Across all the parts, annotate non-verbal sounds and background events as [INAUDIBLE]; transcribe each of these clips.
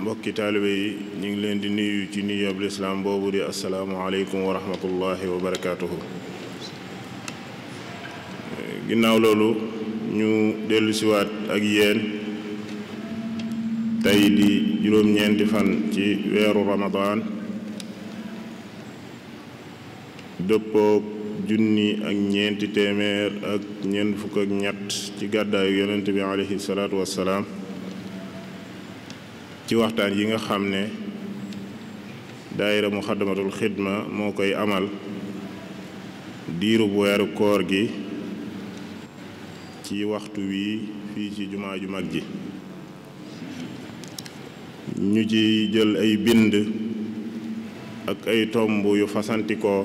mbokki taalibe yi ñu ngi leen di nuyu ci nuyoob lislaam boobu di asalaamualeykum wa rahmatullahi wa barakaatuhu ginnaaw loolu ñu dellu siwaat ak yéen tey di juróom-ñeenti fan ci weeru ramadaan dëppook junni ak ñeenti téeméer ak ñeent fukk ak ñett ci gàddaayu yonent bi aleyhi salaatu wassalaam ci waxtaan yi nga xam ne daayira muxaddamatul xidma moo koy amal diiru bu weeru koor gi ci waxtu wi fii ci jumaa ju mag ji ñu ci jël ay bind ak ay tomb yu fasantikoo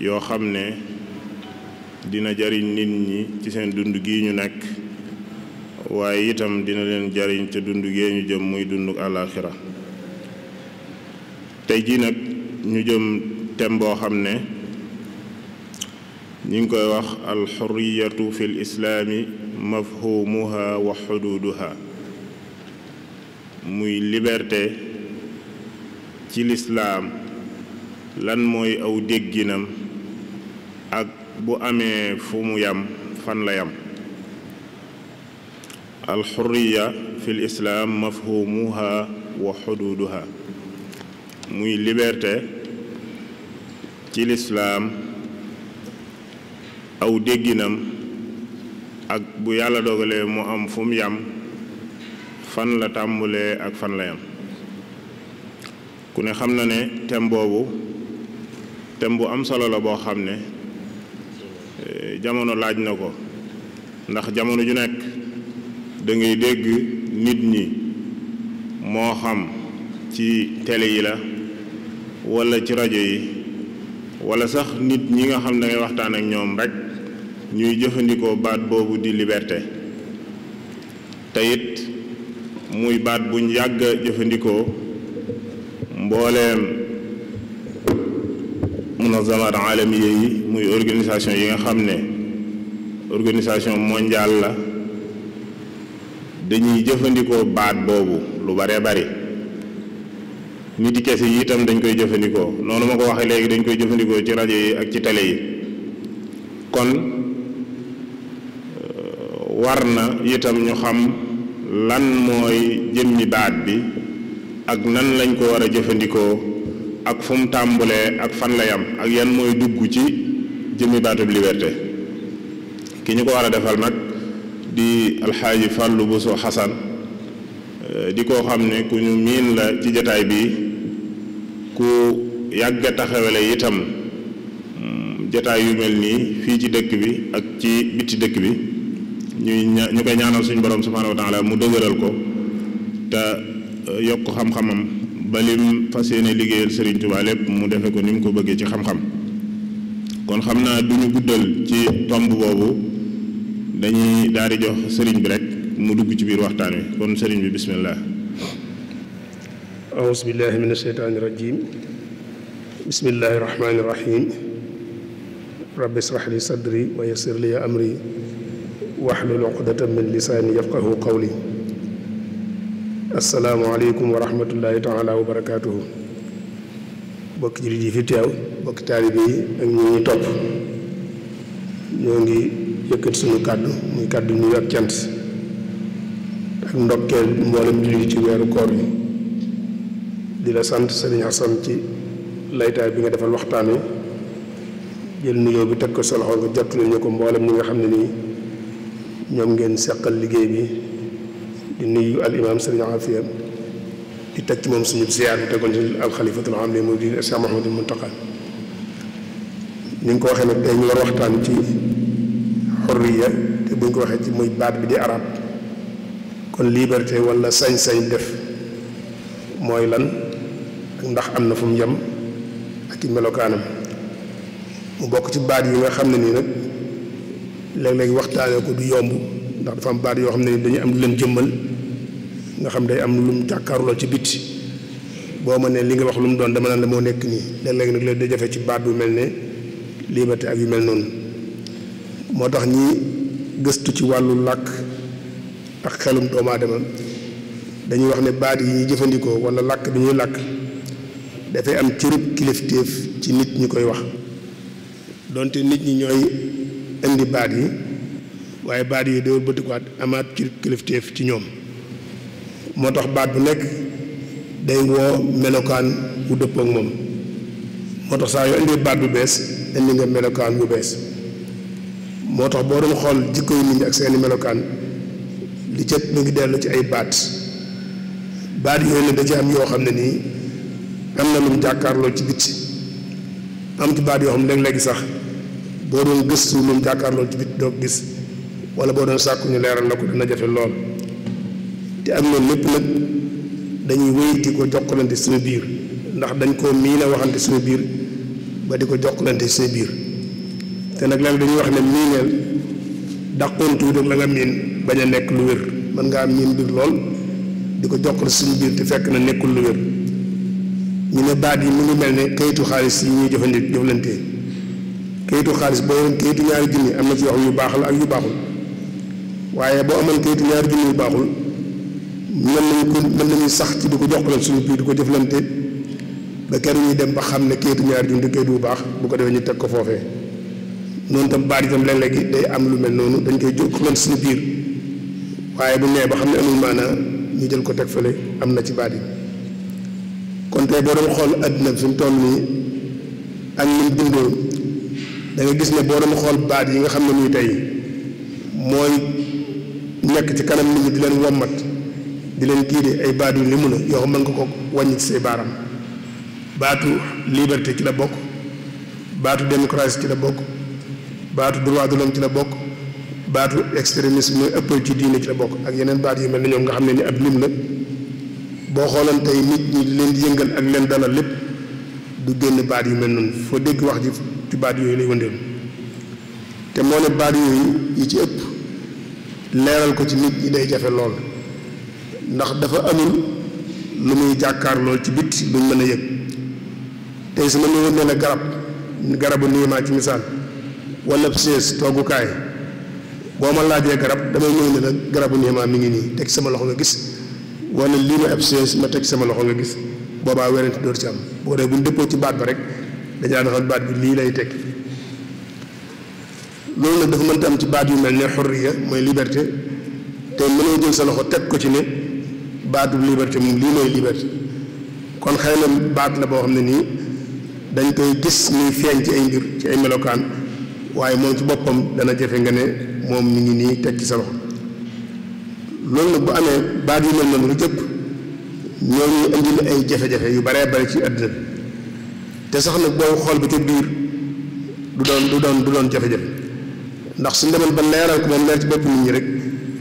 yoo xam ne dina jariñ nit ñi ci seen dund gi ñu nekk waaye itam dina leen jariñ ca dund gee ñu jëm muy dund àllaaxira tey jii nag ñu jëm tem boo xam ne ñi ngi koy wax alxuriyatu fi lislaami mafhumuha wa xuduuduha muy liberté ci lislaam lan mooy aw dégginam ak bu amee fu mu yam fan la yam alxuriya fi lislaam mafhumuha wa xuduuduha muy liberté ci lislaam aw dégginam ak bu yàlla dogalee mu am fu mu yam fan la tàmbulee ak fan la yam ku ne xam na ne thème boobu thème bu am solo la boo xam ne eh, jamono laaj na ko ndax jamono ju nekk da ngay dégg nit ñi moo xam ci tele yi la wala ci rajo yi wala sax nit ñi nga xam ne da waxtaan ak ñoom rekk ñuy jëfandikoo baat boobu di liberté te it muy baat buñ yàgg a jëfandikoo mbooleem munazamat alamiya yi muy organisation yi nga xam ne organisation mondiale la dañuy jëfandikoo baat boobu lu bare bari nit yi kese yi itam dañ koy jëfandikoo noonu ma ko waxee léegi dañ koy jëfandikoo ci rajo yi ak ci télé yi kon war na itam ñu xam lan mooy jëmmi baat bi ak nan lañ ko war a jëfandikoo ak fu mu tàmbulee ak fan la yam ak yan mooy dugg ci jëmmi baatub liberté ki ñu ko war a defal nag di alxaaji Fàllu Buso Xasan eh, di ko xam ne ku ñu miin la ci jataay bi ku yàgg itam mm, jataay yu mel nii fii ci dëkk bi ak ci bitti dëkk bi ñuy ñu koy ñaanal suñu borom subhaanahu wa taala mu dëgëral ko te euh, yokk xam-xamam ba lim fas yéene liggéeyal Serigne Touba lépp mu defe ko ni mu ko bëggee ci xam-xam kon xam naa du ñu guddal ci tomb boobu dañuy daal jox sëriñ bi rek mu dugg ci biir waxtaan wi kon sëriñ bi bisimilah. auzu billahi min asheytaani rajim bismillahi rahmaani rahim rabbi israh li sadri wa yassir li amri waxlul uqdatan min lisaani yafqahu qawli asalaamualeykum wa rahmatullahi taala wa barakaatuhu bokki jullit yi fi teew bokki taalibe yi ak ñi ñuy topp ñoo ngi yëkkat suñu kàddu muy kàddu nuyu ak cant ak ndokkeel mboolem jullit ci weeru koor yi di la sant Sëriñ Asan ci laytaay bi nga defal waxtaan wi jël nuyoo bi teg ko sa loxo nga jottali ñu ko mboolem ñi nga xam ne nii ñoom ngeen seqal liggéey bi di nuyu al imaam sëriñ Afia di teg ci moom suñu ziar bi tegoon ci al xalifatul am li mu di Cheikh Mouhamadul Muntaqa ni nga ko waxee nag tey ñu war waxtaan ci xorriya te buñ ko waxee ci muy baat bi di arab kon liberté wala sañ-sañ def mooy lan ak ndax am na fu mu yem ak i melokaanam mu bokk ci baat yi nga xam ne nii nag léeg-léeg waxtaanee ko du yomb ndax dafa am baat yoo xam ne dañu am lu leen jëmmal nga xam day am lu mu jàkkaarloo ci bit boo ma ne li nga wax lu mu doon dama naan la moo nekk nii léeg-léeg nag leen day jafe ci baat bu mel ne liberté ak yu mel noonu moo tax ñi gëstu ci wàllu làkk ak xelum doomu aadama dañuy wax ne baat yi ñuy jëfandikoo wala làkk bi ñuy làkk dafay am cërub kilifteef ci nit ñi koy wax donte nit ñi ñooy indi baat yi waaye baat yi dawul bëtikuwaat amaat kilifteef ci ñoom moo tax baat bu nekk day woo melokaan bu dëppoo moom moo tax saa yoo indi baat bu bees indi nga melokaan bu bees moo tax boo doon xool jikko yu nit ak seeni melokaan li cëpp mu ngi dellu ci ay baat baat yooyu ne da ci am yoo xam ne nii am na lu mu ci ci bitti am ci baat yoo xam ne léeg-léegi sax boo doon gëstu moom jàkkaarloo ci bit doo gis wala boo doon sàkku ñu leeral la ko dina jafe lool te am na lépp nag dañuy wéy di ko jokkalante suñu biir ndax dañ koo miin a waxante suñu biir ba di ko jokkalante suñu biir te nag léeg dañu wax ne miineel dàqoon tuuti la nga miin bañ a nekk lu wér mën ngaa miin biir lool di ko jokkal suñu biir te fekk na nekkul lu wér ñu ne baat yi mu ngi mel ne kayitu xaalis yi ñuy jëfandikoo jëflante kayitu xaalis boo yoroon kayitu ñaari junni am na ci yoo yu baax la ak yu baaxul waaye boo amoon kayitu ñaari junni yu baaxul mën nañu ko mën nañu sax ci di ko jox ko suñu biir di ko jëflante ba keroog ñuy dem ba xam ne kayitu ñaari junni di kayitu bu baax bu ko defee ñu teg ko foofee noonu tam baat itam léeg-léeg day am lu mel noonu dañ koy jox suñu biir waaye bu ñëwee ba xam ne amul maanaa ñu jël ko teg fële am na ci baat yi kon tey boo doon xool àddina bi mu toll nii ak ni danga gis ne boo doon xool baat yi nga xam ne nii tey mooy nekk ci kanam nit ñi di leen wommat di leen giide ay baat yu limu na yoo xam mën nga ko wàññi ci say baaram baatu liberté ci la bokk baatu démocratie ci la bokk baatu droit de l'homme ci la bokk baatu extrémisme mooy ëppal ci diine ci la bokk ak yeneen baat yu mel na ñoom nga xam ne ni ab lim la boo xoolan tey nit ñi leen yëngal ak leen dalal lépp du génn baat yu mel noonu foo dégg wax ji ci baat yooyu lay wëndeelu te moo ne baat yooyu yi ci ëpp leeral ko ci nit ñi day jafe lool ndax dafa amul lu muy jàkkaar lool ci bit duñ mën a yëg tey su ma néewoon nee na garab garabu niimaa ci misaal wala sées toogukaay boo ma laajee garab damay ñëw ne la garabu niimaa mu ngi nii teg sama loxo nga gis wala lii ma ab sées ma teg sama loxo nga gis boobaa werante door ci am boo dee bu ñu dëppoo ci baat ba rek dañaa defal baat bi lay tekki loolu nag dafa mënta am ci baat yu mel ne xurriya mooy liberté te mënoo jël sa loxo teg ko ci ne baatu liberté moom lii mooy liberté kon xëy na baat la boo xam ne nii dañ koy gis muy feeñ ci ay mbir ci ay melokaan waaye moom ci boppam dana jafe nga ne moom mi ngi nii teg ci sa loxo loolu nag bu amee baat yu mel noonu lu jëpp ñoo ñuy indil ay jafe-jafe yu baree bari ci àddina bi te sax nag boo xool ba ca biir du doon du doon du doon jafe-jafe ndax suñ demoon ba leeral ko moom leer ci bopp nit ñi rek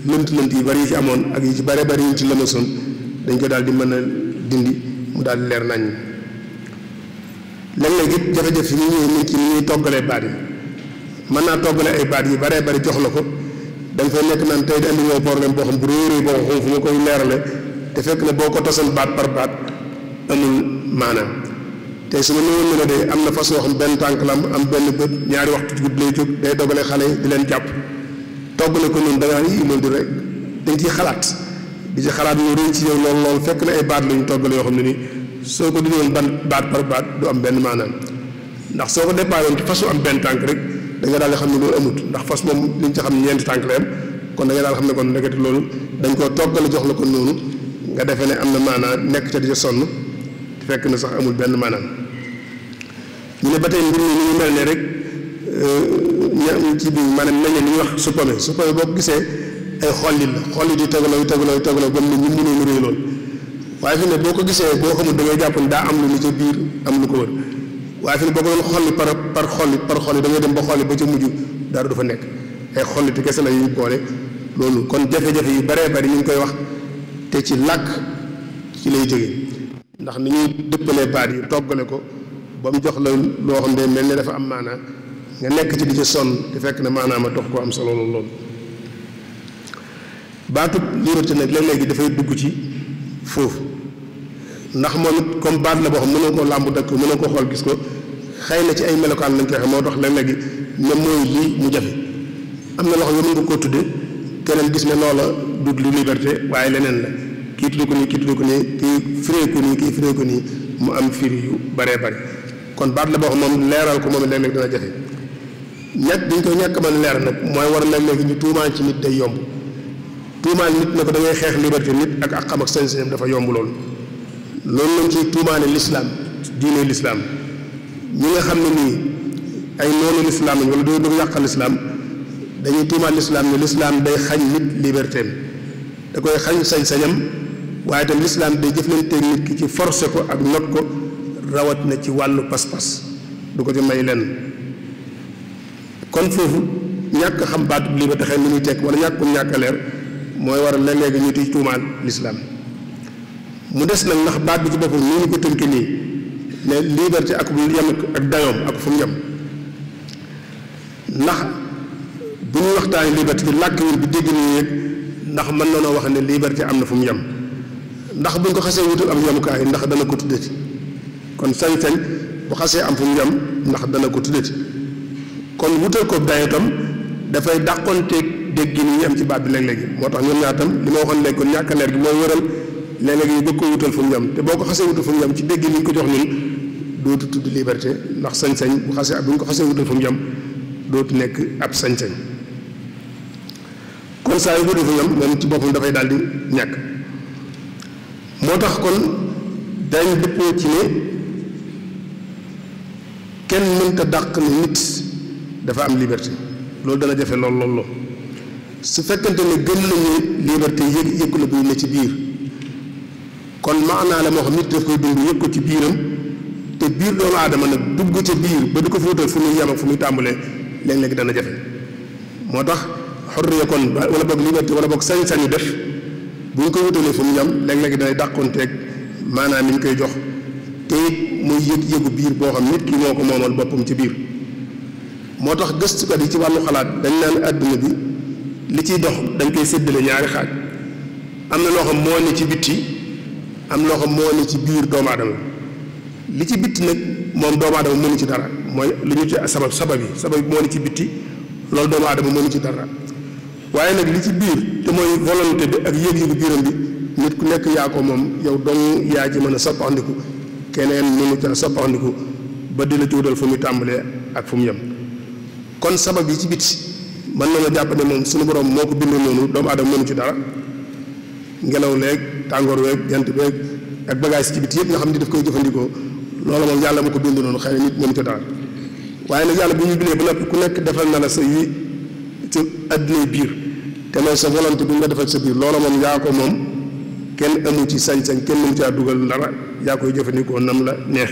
lënt lënt yi bari yi ci amoon ak yi ci bare bari yi ci lëmasoon dañ ko daal di mën a dindi mu daal di leer nañ léeg nag it jafe-jafe yi ñuy nit ci ni ñuy toggalee baat yi mën naa toggale ay baat yi baree bari jox la ko da nga fay nekk naan tey di andi ñoo problème boo xam bu réeree boo ko xam fu ma koy leerale te fekk na boo ko tosan baat par baat amul maanaam tey su ma ne woon de am na fas yoo xam benn tànk la am am benn bët ñaari waxtu ci lay jóg day dogale xale di leen jàpp togg na ko noonu da ngaa nii loolu dañ ciy xalaat di ci xalaat ñu rëy ci fekk na ay baat la ñu toggal yoo xam ne nii soo ko dindi woon ban baat baat du am benn maanaam ndax soo ko déparé woon ci fas am tànk rek da nga daal xam ne loolu amut ndax fas moom liñ ci xam ñeenti tànk la am kon da nga daal xam ne kon loolu dañ koo toggal jox la ko noonu nga defe ne am na maanaa nekk ca di ca sonn fekk na sax amul benn maanaam ñu ne ba tey mbir mi ni ñu mel ne rek euh, ña ci bi maanaam mel ne ni ñuy wax suppame suppame boo ko gisee ay xollit la xollit yi tegaloo yi tegaloo yi tegaloo ba mu ne ñu mënoo ñu rëy lool waaye fi ne boo ko gisee boo xamul da ngay jàpp ne daa am lu ni ca biir am lu ko wër waaye fi ne boo ko doon xolli par par xolli par xolli da ngay dem ba xolli ba ca mujj dara du fa nekk ay xollit kese la yuñ boole loolu kon jafe-jafe yu baree bari ñu ngi koy wax te ci làkk ci lay jógee ndax ni ñuy dëppale baat yi toggale ko ba mu jox la loo xam ne mel ne dafa am maanaa nga nekk ci di ci sonn di fekk ne maanaam ma dox ko am solo lool baatub liirati nag la léegi dafay dugg ci foofu ndax moom it comme baat la boo xam mënoo koo làmbu dëkk mënoo koo xool gis ko xëy na ci ay melokaan lañ koy xam moo dox léeg-léegi ne mooy lii mu jafe am na loxo nga mën nga koo tudde keneen gis ne loola dugg li liberté waaye leneen la kii tudd ko nii kii tudd ko nii ko mu am firi yu baree bari kon baat la boo xam moom leeral ko moom it léeg-léeg dana jafe ñàkk dañ koy leer nag mooy war léeg ñu tuumaal ci nit day yomb tuumaal nit ne ko da xeex liberté nit ak ak xam ak dafa yomb lool loolu lañ ciy tuumaale lislaam diine lislaam ñi nga xam ne nii ay noonu lislaam lañ wala doo bëgg yàqal lislaam dañuy tuumaal lislaam ne lislaam day xañ nit liberté da koy xañ sañ-sañam waaye tam lislaam day jëflanteeg nit ki ci forcé ko ak not ko rawat na ci wàllu pas-pas du ko ci may lenn kon foofu ñàkk xam baatub liberté xëy ni muy tekk wala ñàkk kom ñàkk a leer mooy war a léeg ñu di tuumaal lislaam mu des nag ndax baat bi ci boppam nii ñu ko tënk nii ne liberté ak bu yem ak dayoom ak fu mu yem ndax bu ñuy waxtaanee liberté làkk wi bi dégg nañu yëg ndax mën na noo wax ne liberté am na fu mu yem ndax buñ ko xasee wutal am yamukaay ndax dana ko tuddati kon sañ-sañ bu xasee am fu mu yam dana ko tuddati kon wutal ko dayo tam dafay dàqonteeg dégg gi ni am ci baat bi léeg-léegi moo tax ñoom ñaar tam li ma waxoon léegi kon ñàkk leer gi mooy wëral léeg-léegi ñu bëgg ko wutal fu mu te boo ko xasee wutal fu mu yam ci dégg ni ko jox dootu tudd liberté ndax sañ-sañ bu xasee bu ñu ko xasee wutal fu dootu nekk ab sañ-sañ kon saa yu wutal fu mu yam moom ci boppam dafay daal di ñàkk. moo tax kon dañ dëppoo ci ne kenn mënta dàq ne nit dafa am liberté loolu dana jafe lool lool lool su fekkante ne gëm nañu liberté yëg yëg la bu ne ci biir kon naa la moo xam nit daf koy dund yëg ko ci biiram te biir doomu aadama nag dugg ca biir ba di ko fi wutal fu muy yem fu muy tàmbalee léeg-léeg dana jafe moo tax xorriya kon wala boog liberté wala boog sañ-sañu def bu ñu koy wutalee fu mu yem léeg-léeg danay dàqonteeg maanaam ni ñu koy jox te it muy yëg-yëgu biir boo xam nit ki moo ko moomal boppam ci biir moo tax gëstukat yi ci wàllu xalaat dañ naan àdduna bi li ciy dox dañ koy séddale ñaari xaaj am na loo xam moo ne ci am loo xam ci biir doomu aadama li ci bitti nag moom doomu aadama mënu ci dara mooy lu ñu ci sabab sabab yi sabab yi moo ne ci bitti loolu doomu aadama mënu ci dara waaye nag li ci biir te mooy volonté bi ak yëg-yëgu biiram bi nit ku nekk yaa ko moom yow dong yaa ji mën a soppandiku keneen mënu ca soppandiku ba di la juutal fu muy tàmbalee ak fu mu yem kon sabab yi ci biti man na ma jàpp ne moom suñu borom moo ko bind noonu doomu aadama mënu ci dara ngelaw leeg tàngoor weeg jant beeg ak ci biti yëpp nga xam ni daf koy jëfandikoo loolu moom yàlla ma ko bind noonu xëy na nit mënu ci dara waaye nag yàlla bu ñu bindee ba noppi ku nekk defal na la sa yi ci adduna biir te mooy sa volonté bi nga defal sa biir loola moom yaa ko moom kenn amu ci sañ-sañ kenn mënu caa dugal dara yaa koy jëfandikoo nam la neex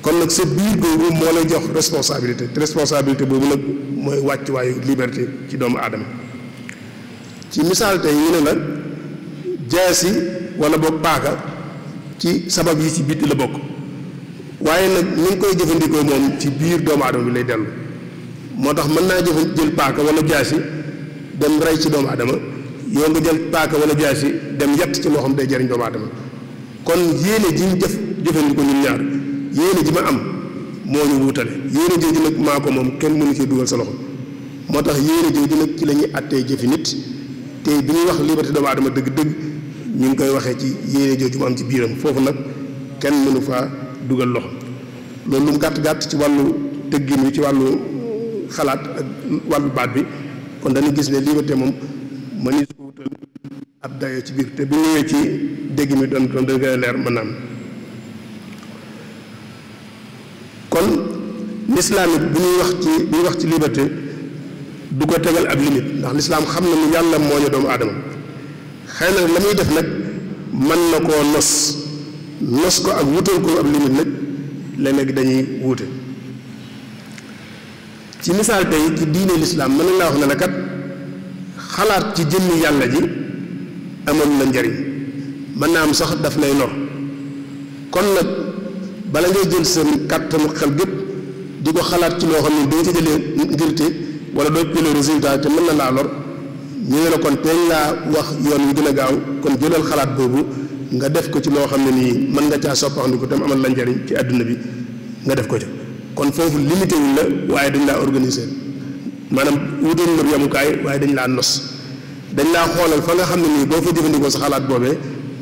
kon nag sa biir googu moo lay jox responsabilité te responsabilité boobu nag mooy waayu liberté ci doomu aadama ci misaal tey ñu ne la jaasi wala boog paaka ci sabab yi ci bitti la bokk waaye nag ni koy jëfandikoo moom ci biir doomu aadama bi lay dellu moo tax mën naa jëfan jël paaka wala jaasi dem rey ci doomu aadama yow nga jël paaka wala jaasi dem yett ci loo xam day jariñ doomu aadama kon yéene ji ñu jëf jëfandiku ñun ñaar yéene ma am moo ñu wuutale yéene jooju nag maa ko moom kenn mënu cee dugal sa loxo moo tax yéene jooju nag ci lañuy ñuy àttee jëfi nit te bi ñuy wax liberté doomu aadama dëgg-dëgg ñu ngi koy waxee ci yéene jooju mu am ci biiram foofu nag kenn mënu faa dugal loxo loolu lu mu gàtt gàtt ci wàllu tëggin wi ci wàllu xalaat ak wàllu baat bi kon dañu gis ne liberté moom mënees ko wutal ab dayo ci biir te bu ñëwee ci dégg mi doon doon dana gën leer mën naam kon lislaam it bu ñuy wax ci bu wax ci liberté du ko tegal ab limite ndax lislaam xam na ni yàlla moo ñu doomu aadama xëy na la muy def nag mën na ko nos nos ko ak wutal ko ab limite nag léeg-léeg dañuy wuute ci misaal tey ci diine lislaam mën na laa wax na la kat xalaat ci jëmmi yàlla ji amoon la njariñ mën na am sax daf lay lor kon nag bala ngay jël seen kàttanu xel gépp di ko xalaat ci loo xam ne danga ci jëlee ngirte wala doo jëlee résultat te mën na laa lor ñu ne la kon teeñ laa wax yoon wi gën a gaaw kon jëlal xalaat boobu nga def ko ci loo xam ne nii mën nga caa soppaxandiku tam amal la njariñ ci àdduna bi nga def ko ci kon foofu limité wuñ la waaye dañ laa organiser maanaam wutoon la yemukaay waaye dañ laa nos dañ laa xoolal fa nga xam ne nii boo fa jëfandikoo sa xalaat boobee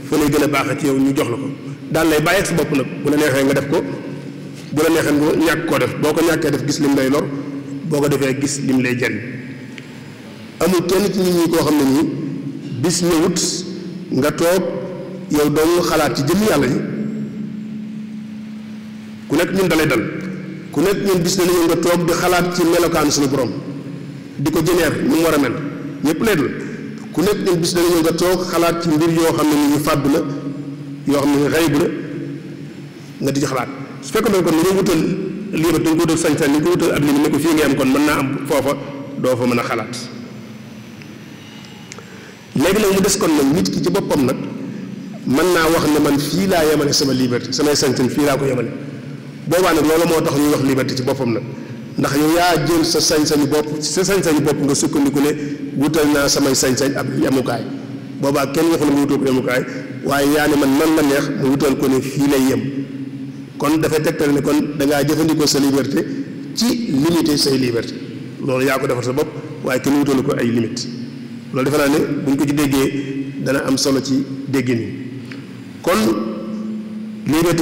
fa lay gën a baaxee ci yow ñu jox la ko daan lay bàyyi ak bopp nag bu la neexee nga def ko bu la neexee nga ñàkk koo def boo ko ñàkkee def gis lim lay lor boo ko defee gis lim lay jariñ amul tenn ci nit ñi koo xam ne nii bis wut nga toog yow doomu xalaat ci jëmm yàlla yi ku nekk ñun dalay dal ku nekk ñun gis nañu nga toog di xalaat ci melokaanu suñu borom di ko jëneer ni mu war a mel ñëpp leen la ku nekk ñun gis nañu nga toog xalaat ci mbir yoo xam ne ni ñu fàdd la yoo xam ne xayb nga di ci xalaat su fekkee ne kon ni nga wutal lii rek dañ ko wutal sañ-sañ ni ko wutal ab lim ne ko fii nga am kon mën naa am foofa doo fa mën a xalaat léegi nag mu des kon nag nit ki ci boppam nag man naa wax ne man fii laa yemale sama liberté samay sañ fii laa ko yemale boobaa nag loolu moo tax ñuy wax liberté ci boppam nag ndax yow yaa jël sa sañ-sañu bopp sa sañ-sañu bopp nga sukkandiku ne wutal naa samay sañ-sañ ab yemukaay boobaa kenn waxu ne mu wutal ko yemukaay waaye yaa ne man man la neex mu wutal ko ne fii lay yem kon dafay tegtal ne kon da jëfandikoo sa liberté ci limité say liberté loolu yaa ko defar sa bopp waaye kenn wutalu ko ay limite loolu defe naa ne buñ ko ci déggee dana am solo ci déggin kon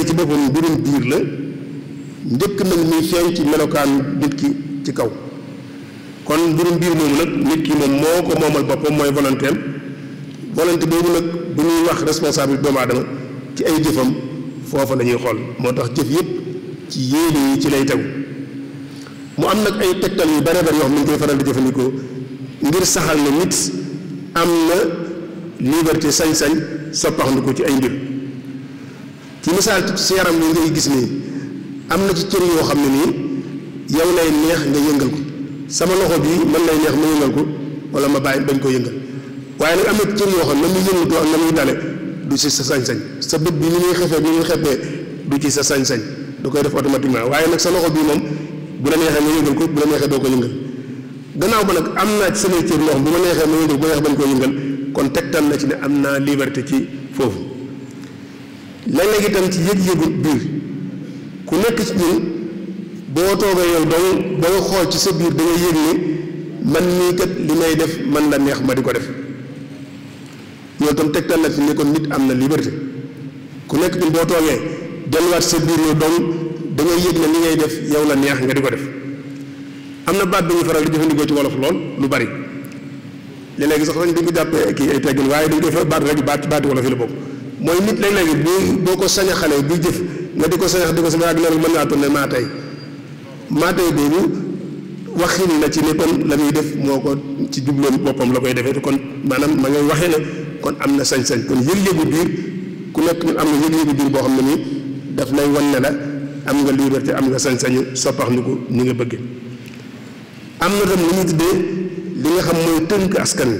ci boppam mbirum biir la njëkk nag muy feeñ ci melokaanu nit ki ci kaw kon mbirum biir moomu nag nit ki moom moo ko moomal boppam mooy volonté am boobu nag bu muy wax responsable doomu aadama ci ay jëfam foofa la ñuy xool moo tax jëf yépp ci yéene yi ci lay tegu mu am nag ay tegtal yu bare bare yoo xam ne ñu koy faral di jëfandikoo ngir saxal ne nit am na liberté sañ-sañ soppaxandiku ci ay mbir ci misaal ci yaram li ngay gis nii am na ci cër yoo xam ne nii yow lay neex nga yëngal ko sama loxo bii mën lay neex ma yëngal ko wala ma bàyyi bañ ko yëngal waaye nag am na cër yoo xam ne muy yëngatoo ak na muy dale du ci sa sañ-sañ sa bët bi ni muy xefee ni muy xeppee ci sa sañ-sañ da koy def automatiquement waaye nag sa loxo bii moom bu la neexee nga yëngal ko bu la neexee doo ko yëngal gannaaw ba am naa ci samay cër yoo xam bu ma neexee ma yëngal bu ma neex bañ koo yëngal kon tegtal na ci ne am naa liberté ci foofu léeg-léeg itam ci yëg-yëgu biir ku nekk ci ñun boo toogee yow dong ba xool ci sa biir da yëg ni man mii kat li may def man la neex ma di ko def loolu itam tegtal na ci ni kon nit am na liberté ku nekk ñun boo toogee delluwaat sa biir yow dong da li ngay def yow la neex nga di ko def am na baat bi ñuy faral di jëfandikoo ci wolof lool lu bari léeg-léegi sax dañ ko jàppee kii ay teggin waaye dañ koy fa baat rek baat baati wolof yi la bokk mooy nit léeg-léegi boo ko sañ a buy jëf nga di ko sañax di ko sañax ak loolu mën naa tudd ne maa tey boobu waxin na ci ne kon la muy def moo ko ci jubloom boppam la koy defee te kon maanaam ma ngay waxee ne kon am na sañ-sañ kon yëg-yëgu biir ku nekk ñun am na yëg-yëgu biir boo xam ne nii daf lay wan ne la am nga liberté am nga sañ-sañu soppax ni ko ni nga bëgge am na tam lu ñu tuddee li nga xam mooy tënk askan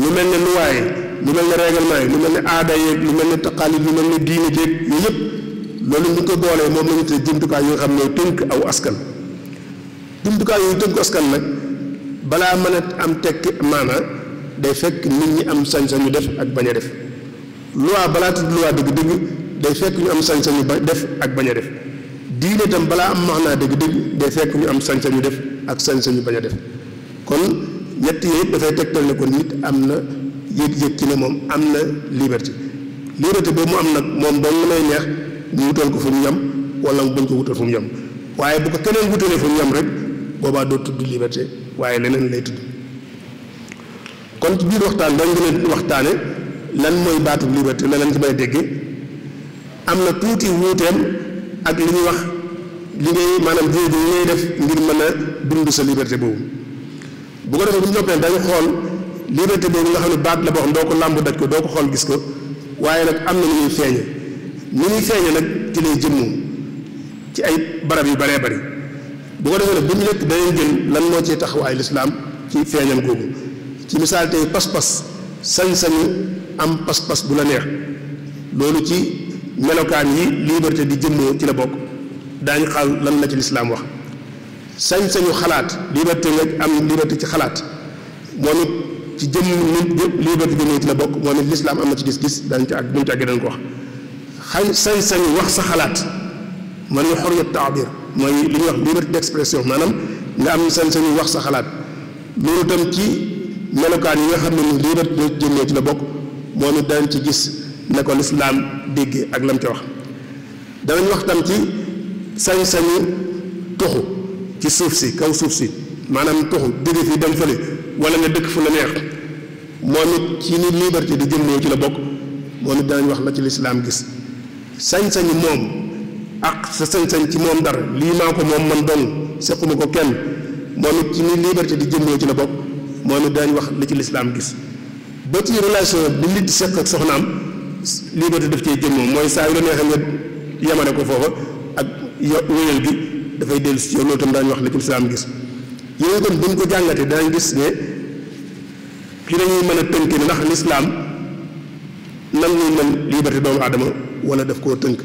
lu mel ne luwaay lu mel ne règlement yi lu mel ne aada yeeg lu mel ne taqaalid lu mel ne diine jéeg loolu ñu ko boolee moom la ñu tuddee jumtukaay yi nga xam ne tënk aw askan jumtukaay yooyu tënk askan nag balaa mën a am tekki maanaa day fekk nit ñi am sañ-sañu def ak bañ a def loi balaa tudd dëgg-dëgg day fekk ñu am sañ-sañu ba def ak bañ a def diine tam balaa am naa dëgg-dëgg day fekk ñu am sañ-sañu def ak sañ-sañu bañ a def kon ñett yooyu dafay tegtal ne kon nit am na yëg-yëg ci ne moom am na liberté liberté boobu mu am nag moom dong lay neex. ñu wutal ko fu mu yem wala mu bañ ko wutal fu mu yem waaye bu ko keneen wutalee fu mu yem rek boobaa doo tudd liberté waaye leneen lay tudd kon ci biir waxtaan dañ gën a waxtaane lan mooy baatub liberté la lan ci mën a déggee am na tuuti wuuteem ak li ñuy wax li ngay maanaam jéego bi def ngir mën a dund sa liberté boobu bu ko defee bu ñu noppee dañu xool liberté boobu nga xam ne baat la boo xam doo ko làmb daj ko doo ko xool gis ko waaye nag am na lu ñuy feeñe ni ñuy feeñe nag ci lay jëmmoo ci ay barab yu baree bari bu ko defee nag bu ñu lépp danañ jël lan moo ci taxawaayu lislaam ci feeñam googu ci misaal tey pas-pas sañ-sañu am pas-pas bu la neex loolu ci melokaan yi liberté di jëmmoo ci la bokk daañ xal lan la ci lislaam wax sañ-sañu xalaat liberté nga am liberté ci xalaat moom it ci jëmm nit liberté jëmmoo ci la bokk moom it lislaam am na ci gis-gis daañu ci ak buñu ci àgg dañ ko wax xay sañ-sañu wax sa xalaat man la xoriyat taabir mooy li ñuy wax liberté d'expression maanaam nga am sañ-sañu wax sa xalaat loolu itam ci melokaan yi nga xam ne ni liberté de jëmmee ci bokk moom it danañ ci gis ne ko lislaam déggee ak lam ci wax danañ wax tam ci sañ-sañu tuxu ci suuf si kaw suuf si maanaam tuxu jóge fii dem fële wala nga dëkk fu la neex moom it ci ni liberté di jëmmee ci la bokk moom it danañ wax la ci lislaam gis sañ-sañu moom ak sa sañ-sañ ci moom dara lii maa ko moom man dong sequma ko kenn moom it ci ni liberté di jëmmoo ci la bokk moom it daañ wax li ci lislaam gis ba ci relation bi nit di seq ak soxnaam liberté daf cee jëmmoo mooy saa yu la neexee nga yemale ko foofa ak wéyal gi dafay dellu si yow tam daañu wax li ci lislaam gis yooyu ko jàngatee daañ gis ne ki dañuy mën a tënke ndax lislaam nan ñuy mën liberté doomu aadama wala def koo tënk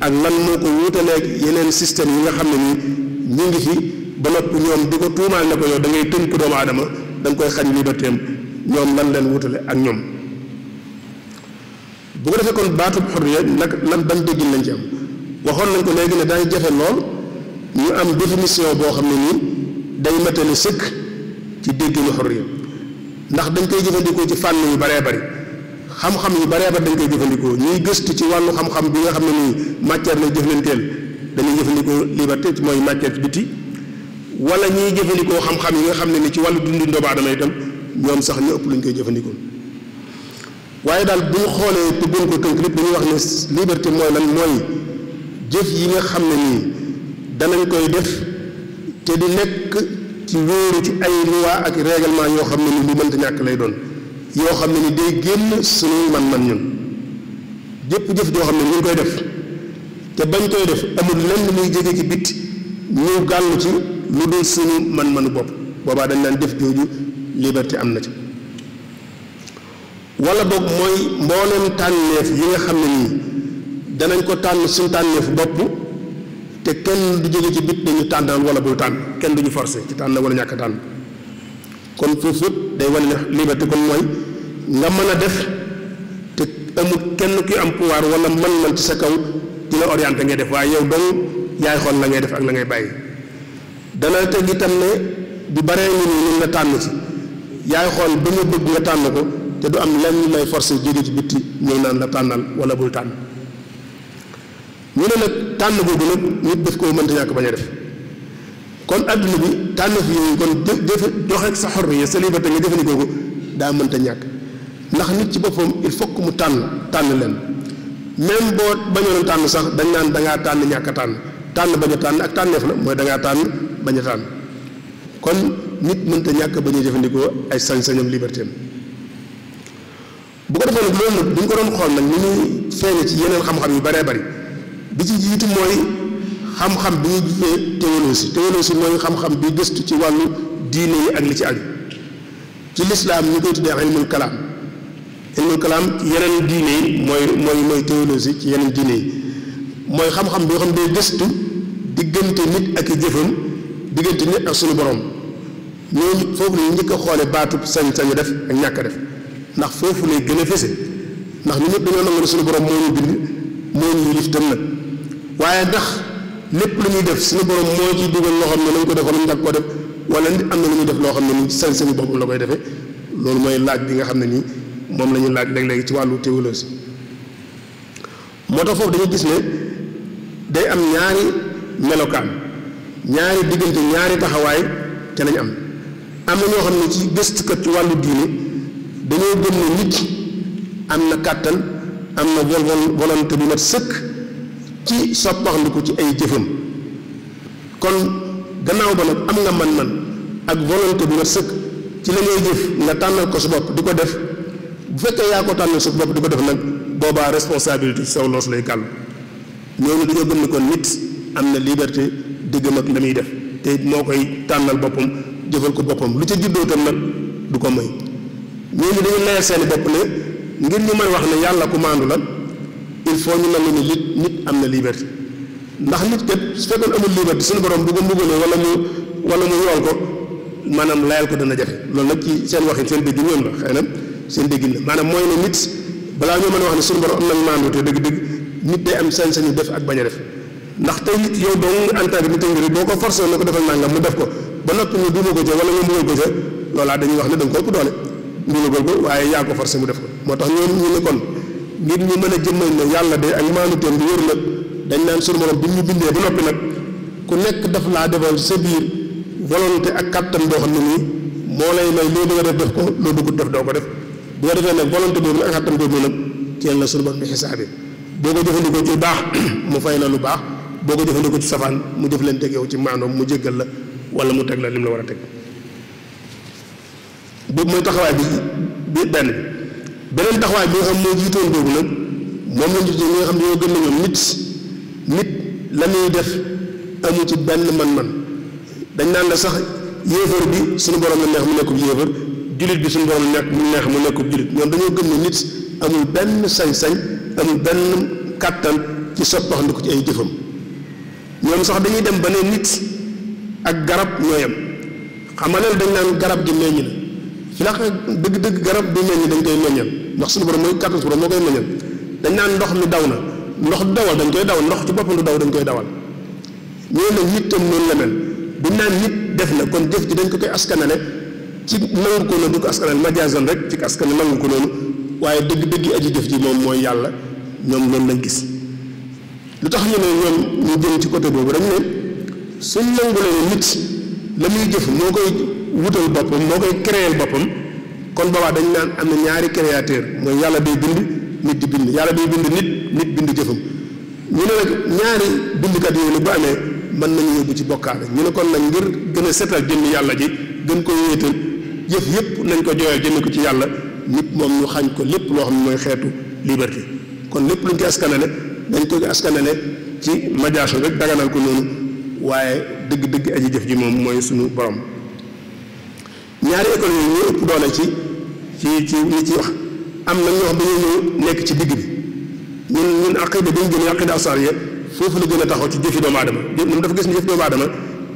ak lan moo ko wuutaleeg yeneen système yi nga xam ne nii ñu ngi fi ba noppi ñoom di ko tuumaal ne ko yow da ngay tënk doomu aadama da koy xañ liberté am ñoom lan leen wuutale ak ñoom boo defee kon baatub xorriya nag lan ban déggin lañ ci am waxoon nañ ko léegi ne daañu jafe lool ñu am définition boo xam ne nii day matale sëkk ci dégginu xorriya ndax dañ koy jëfandikoo ci fànn yu baree bari xam-xam yu bare dañ koy jëfandikoo ñuy gëstu ci wàllu xam-xam bi nga xam ne nii matière lay jëflanteel dañuy jëfandikoo liberté mooy matière ci biti wala ñuy jëfandikoo xam-xam yi nga xam ne ni ci wàllu dundi doomu damay dem ñoom sax ñu ëpp lu ñu koy jëfandikoo waaye daal bu ñu xoolee te gën ko tënk lépp dañuy wax ne liberté mooy lan mooy jëf yi nga xam ne nii danañ koy def te di nekk ci wéeru ci ay loi ak règlement yoo xam ne ni lu mënta lay doon yoo xam ne ni day génn suñu man-man ñun jëpp jëf joo xam ne ñu koy def te bañ koy def amul lenn muy jóge ci bit ñu gàllu ci lu dul suñu man-manu bopp boobaa dañ naan def jooju liberté am na ci wala boog mooy mbooleem tànneef yi nga xam ne nii danañ ko tànn suñu tànneef bopp te kenn du jóge ci bit dañu tànnal wala bul tànn kenn duñu forcé ci tànn wala ñàkk tànn kon foofu day wane ne liberté kon mooy nga mën a def te amul kenn kuy am pouvoir wala man mën ci sa kaw di la orienté ngay def waaye yow dong yaay xool la ngay def ak la ngay bàyyi dana teg itam ne bu baree ngi nii ñun nga tànn ci yaay xool ba nga bëgg nga tànn ko te du am lenn lay forcé jóge ci bitti ñëw naan la tànnal wala bul tànn ñu ne nag tànn googu nag nit daf koo mënta ñàkk bañ a def kon adduna bi tànneef yooyu kon defe doxeeg sa xorriya sa liberté nga jëfandikoo ko daa mënta ñàkk ndax nit ci boppam il faut mu tànn tànn leen même boo bañoon tànn sax dañ naan da tànn ñàkk tànn tànn bañ a tànn ak tànneef la mooy dangaa ngaa tànn bañ a tànn kon nit mënta ñàkk bañ a jëfandikoo ay sañ-sañam liberté am bu ko defee nag loolu nag bu ko doon xool nag ni muy feeñe ci yeneen xam-xam yu baree bari bi ci jiitu mooy. xam-xam bi ñuy gisee théologie théologie mooy xam-xam bi gëstu ci wàllu diine yi ak li ci aju ci lislaam ñu koy tuddee ilmul kalaam ilmul kalaam yeneen diine yi mooy mooy mooy théologie ci yeneen diine yi mooy xam-xam bi nga xam day gëstu diggante nit ak jëfam diggante nit ak suñu borom ñooñu foofu a xoole baatub sañ-sañu def ñàkk def ndax foofu lay gën a fese ndax ñu ñëpp dañoo nangu ne suñu borom moo ñu bind moo ñu yilif tam nag waaye ndax lépp lu ñuy def suñu borom moo ci dugal loo xam ne nañ ko defoon ñu tag ko def am na lu ñuy def loo xam ne nii seen seen bopp la koy defee loolu mooy laaj bi nga xam ne nii moom la ñuy laaj léeg-léeg ci wàllu théologie moo tax foofu dañuy gis ne day am ñaari melokaan ñaari diggante ñaari taxawaay ca lañ am am na ñoo xam ne ci gëstukat ci wàllu diine dañoo gëm nit am na kàttan am na vol volonté bu mat sëkk ci soppaxndiku ci ay jëfam kon gannaaw ba nag am nga man-man ak volonté bu nga sëkk ci la ngay jëf nga tànnal ko sa bopp du ko def bu fekkee yaa ko tànnal su bopp di ko def nag booba responsabilité ci loos lay gàll ñooñu dañoo gëm ni kon nit am na liberté diggam ak la muy def te moo koy tànnal boppam jëfal ko boppam lu ca juddoo tam nag du ko may ñooñu dañu layal seeni bopp ne ngir ñu may wax ne yàlla ku maandu la il faut ñu nangu ni nit am na liberté ndax nit kat su fekkoon amul liberté suñu borom bu ko mbugalee wala mu wala mu yool ko maanaam layal dana jafe loolu nag ci seen waxin seen déggin ñoom la xëy na seen déggin la maanaam mooy ne balaa ñoo mën a wax ne suñu borom am na maandu te dëgg-dëgg nit day am sañ-sañu def ak bañ a def ndax tey nit yow dong en tant que nit ngir boo ko forcé na ko defal nangam mu def ko ba noppi ñu duuma ko ca wala nga mbugal ko ca loolaa dañuy wax ne da nga ko ëpp doole ko waaye yaa ko forcé mu def ko moo tax ñoom ñu ne kon ngir ñu mën a jëmmal ne yàlla de ak maanuteem bi wër la dañ naan sunu borom bi ñu bindee ba noppi nag ku nekk daf laa defal sa biir volonté ak kattan boo xam ne nii moo lay may loo bëgg def def ko loo bëggut def doo ko def boo ko defee nag volonté boobu ak kattan boobu nag ci la sunu borom bi xisaabe boo ko jëfandikoo ci baax [CLEARS THROAT] mu fay la lu baax boo ko jëfandikoo ci safaan mu def leen teg ci maanoom mu jéggal la wala mu teg la lim la war a teg boobu mooy taxawaay bi beneen taxawaay bi nga xam moo jiitoon boobu nag moom la ñu ñi nga xam ne ñoo gën na ñoom nit nit la muy def amu ci benn man-man dañ naan la sax yéefar bi suñu borom la neex mu nekkub yéefar jullit bi suñu borom la nekk mu neex mu nekkub jullit ñoom dañoo gëm ne nit amul benn sañ-sañ amul benn kàttan ci soppaxndiku ci ay jëfam ñoom sax dañuy dem ba ne nit ak garab ñoo yem xam nga loolu dañ naan garab gi meññ na ndax dëgg-dëgg garab du meññ dañ koy meññal ndax sunu borom mooy kàttan suñu borom moo koy meññal dañ naan ndox mi daw na ndox du dawal dañ koy daw ndox ci boppa du daw dañ koy dawal ñoo nag nit tam noonu la bu naan nit def na kon jëf ji dañ ko koy askanale ci nangu ko noonu du ko askanale majaazan rek ci askan nangu ko noonu waaye dëgg-dëgg aji jëf ji moom mooy yàlla ñoom loolu lañ gis lu tax ñu ne ñoom ñu jëm ci côté boobu dañ ne suñ nangu la nit la muy jëf moo koy wutal boppam moo koy créer boppam kon boobaa dañ naan am na ñaari créateur mooy yàlla day bind nit di bind yàlla day bind nit nit bind jëfam ñu ne nag ñaari bindkat yooyu nag bu amee mën nañu yóbbu ci bokkaale ñu ne kon nag ngir gën a setal jëmm yàlla ji gën ko wéetal yëf yëpp nañ ko jooyal jëme ko ci yàlla nit moom ñu xañ ko lépp loo xam ne mooy xeetu liberté kon lépp luñ ko askanale dañ koy askanale ci médiation rek daganal ko noonu waaye dëgg-dëgg aji jëf ji moom mooy suñu borom ñaari école yooyu ñoo ëpp ci ci ci ñi ci wax am na ñoo xam dañoo ñëw nekk ci digg bi ñun ñun aqida bi ñu gën a aqida asariya foofu la gën a taxaw ci jëfi doomu aadama moom dafa gis ni jëf doomu aadama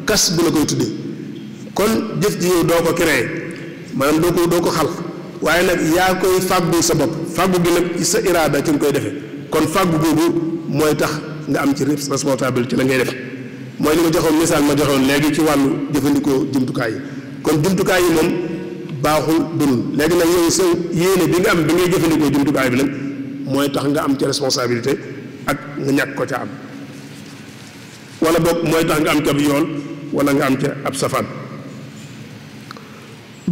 kas bu la koy tuddee kon jëf ji yow doo ko créé maanaam doo ko doo ko xal waaye nag yaa koy fàggu sa bopp fàggu gi nag sa iraada ci nga koy defee kon fàggu boobu mooy tax nga am ci responsable ci la ngay def mooy li ma joxoon misaal ma joxoon léegi ci wàllu jëfandikoo jumtukaay yi kon jumtukaay yi moom baaxul bunul léegi nag yow sa yéene bi nga am bi ngay jëfandikoo jumtukaay bi nag mooy tax nga am ci responsabilité ak nga ñàkk ko ca am walla boog mooy tax nga am ca ab yoon wala nga am ca ab safaan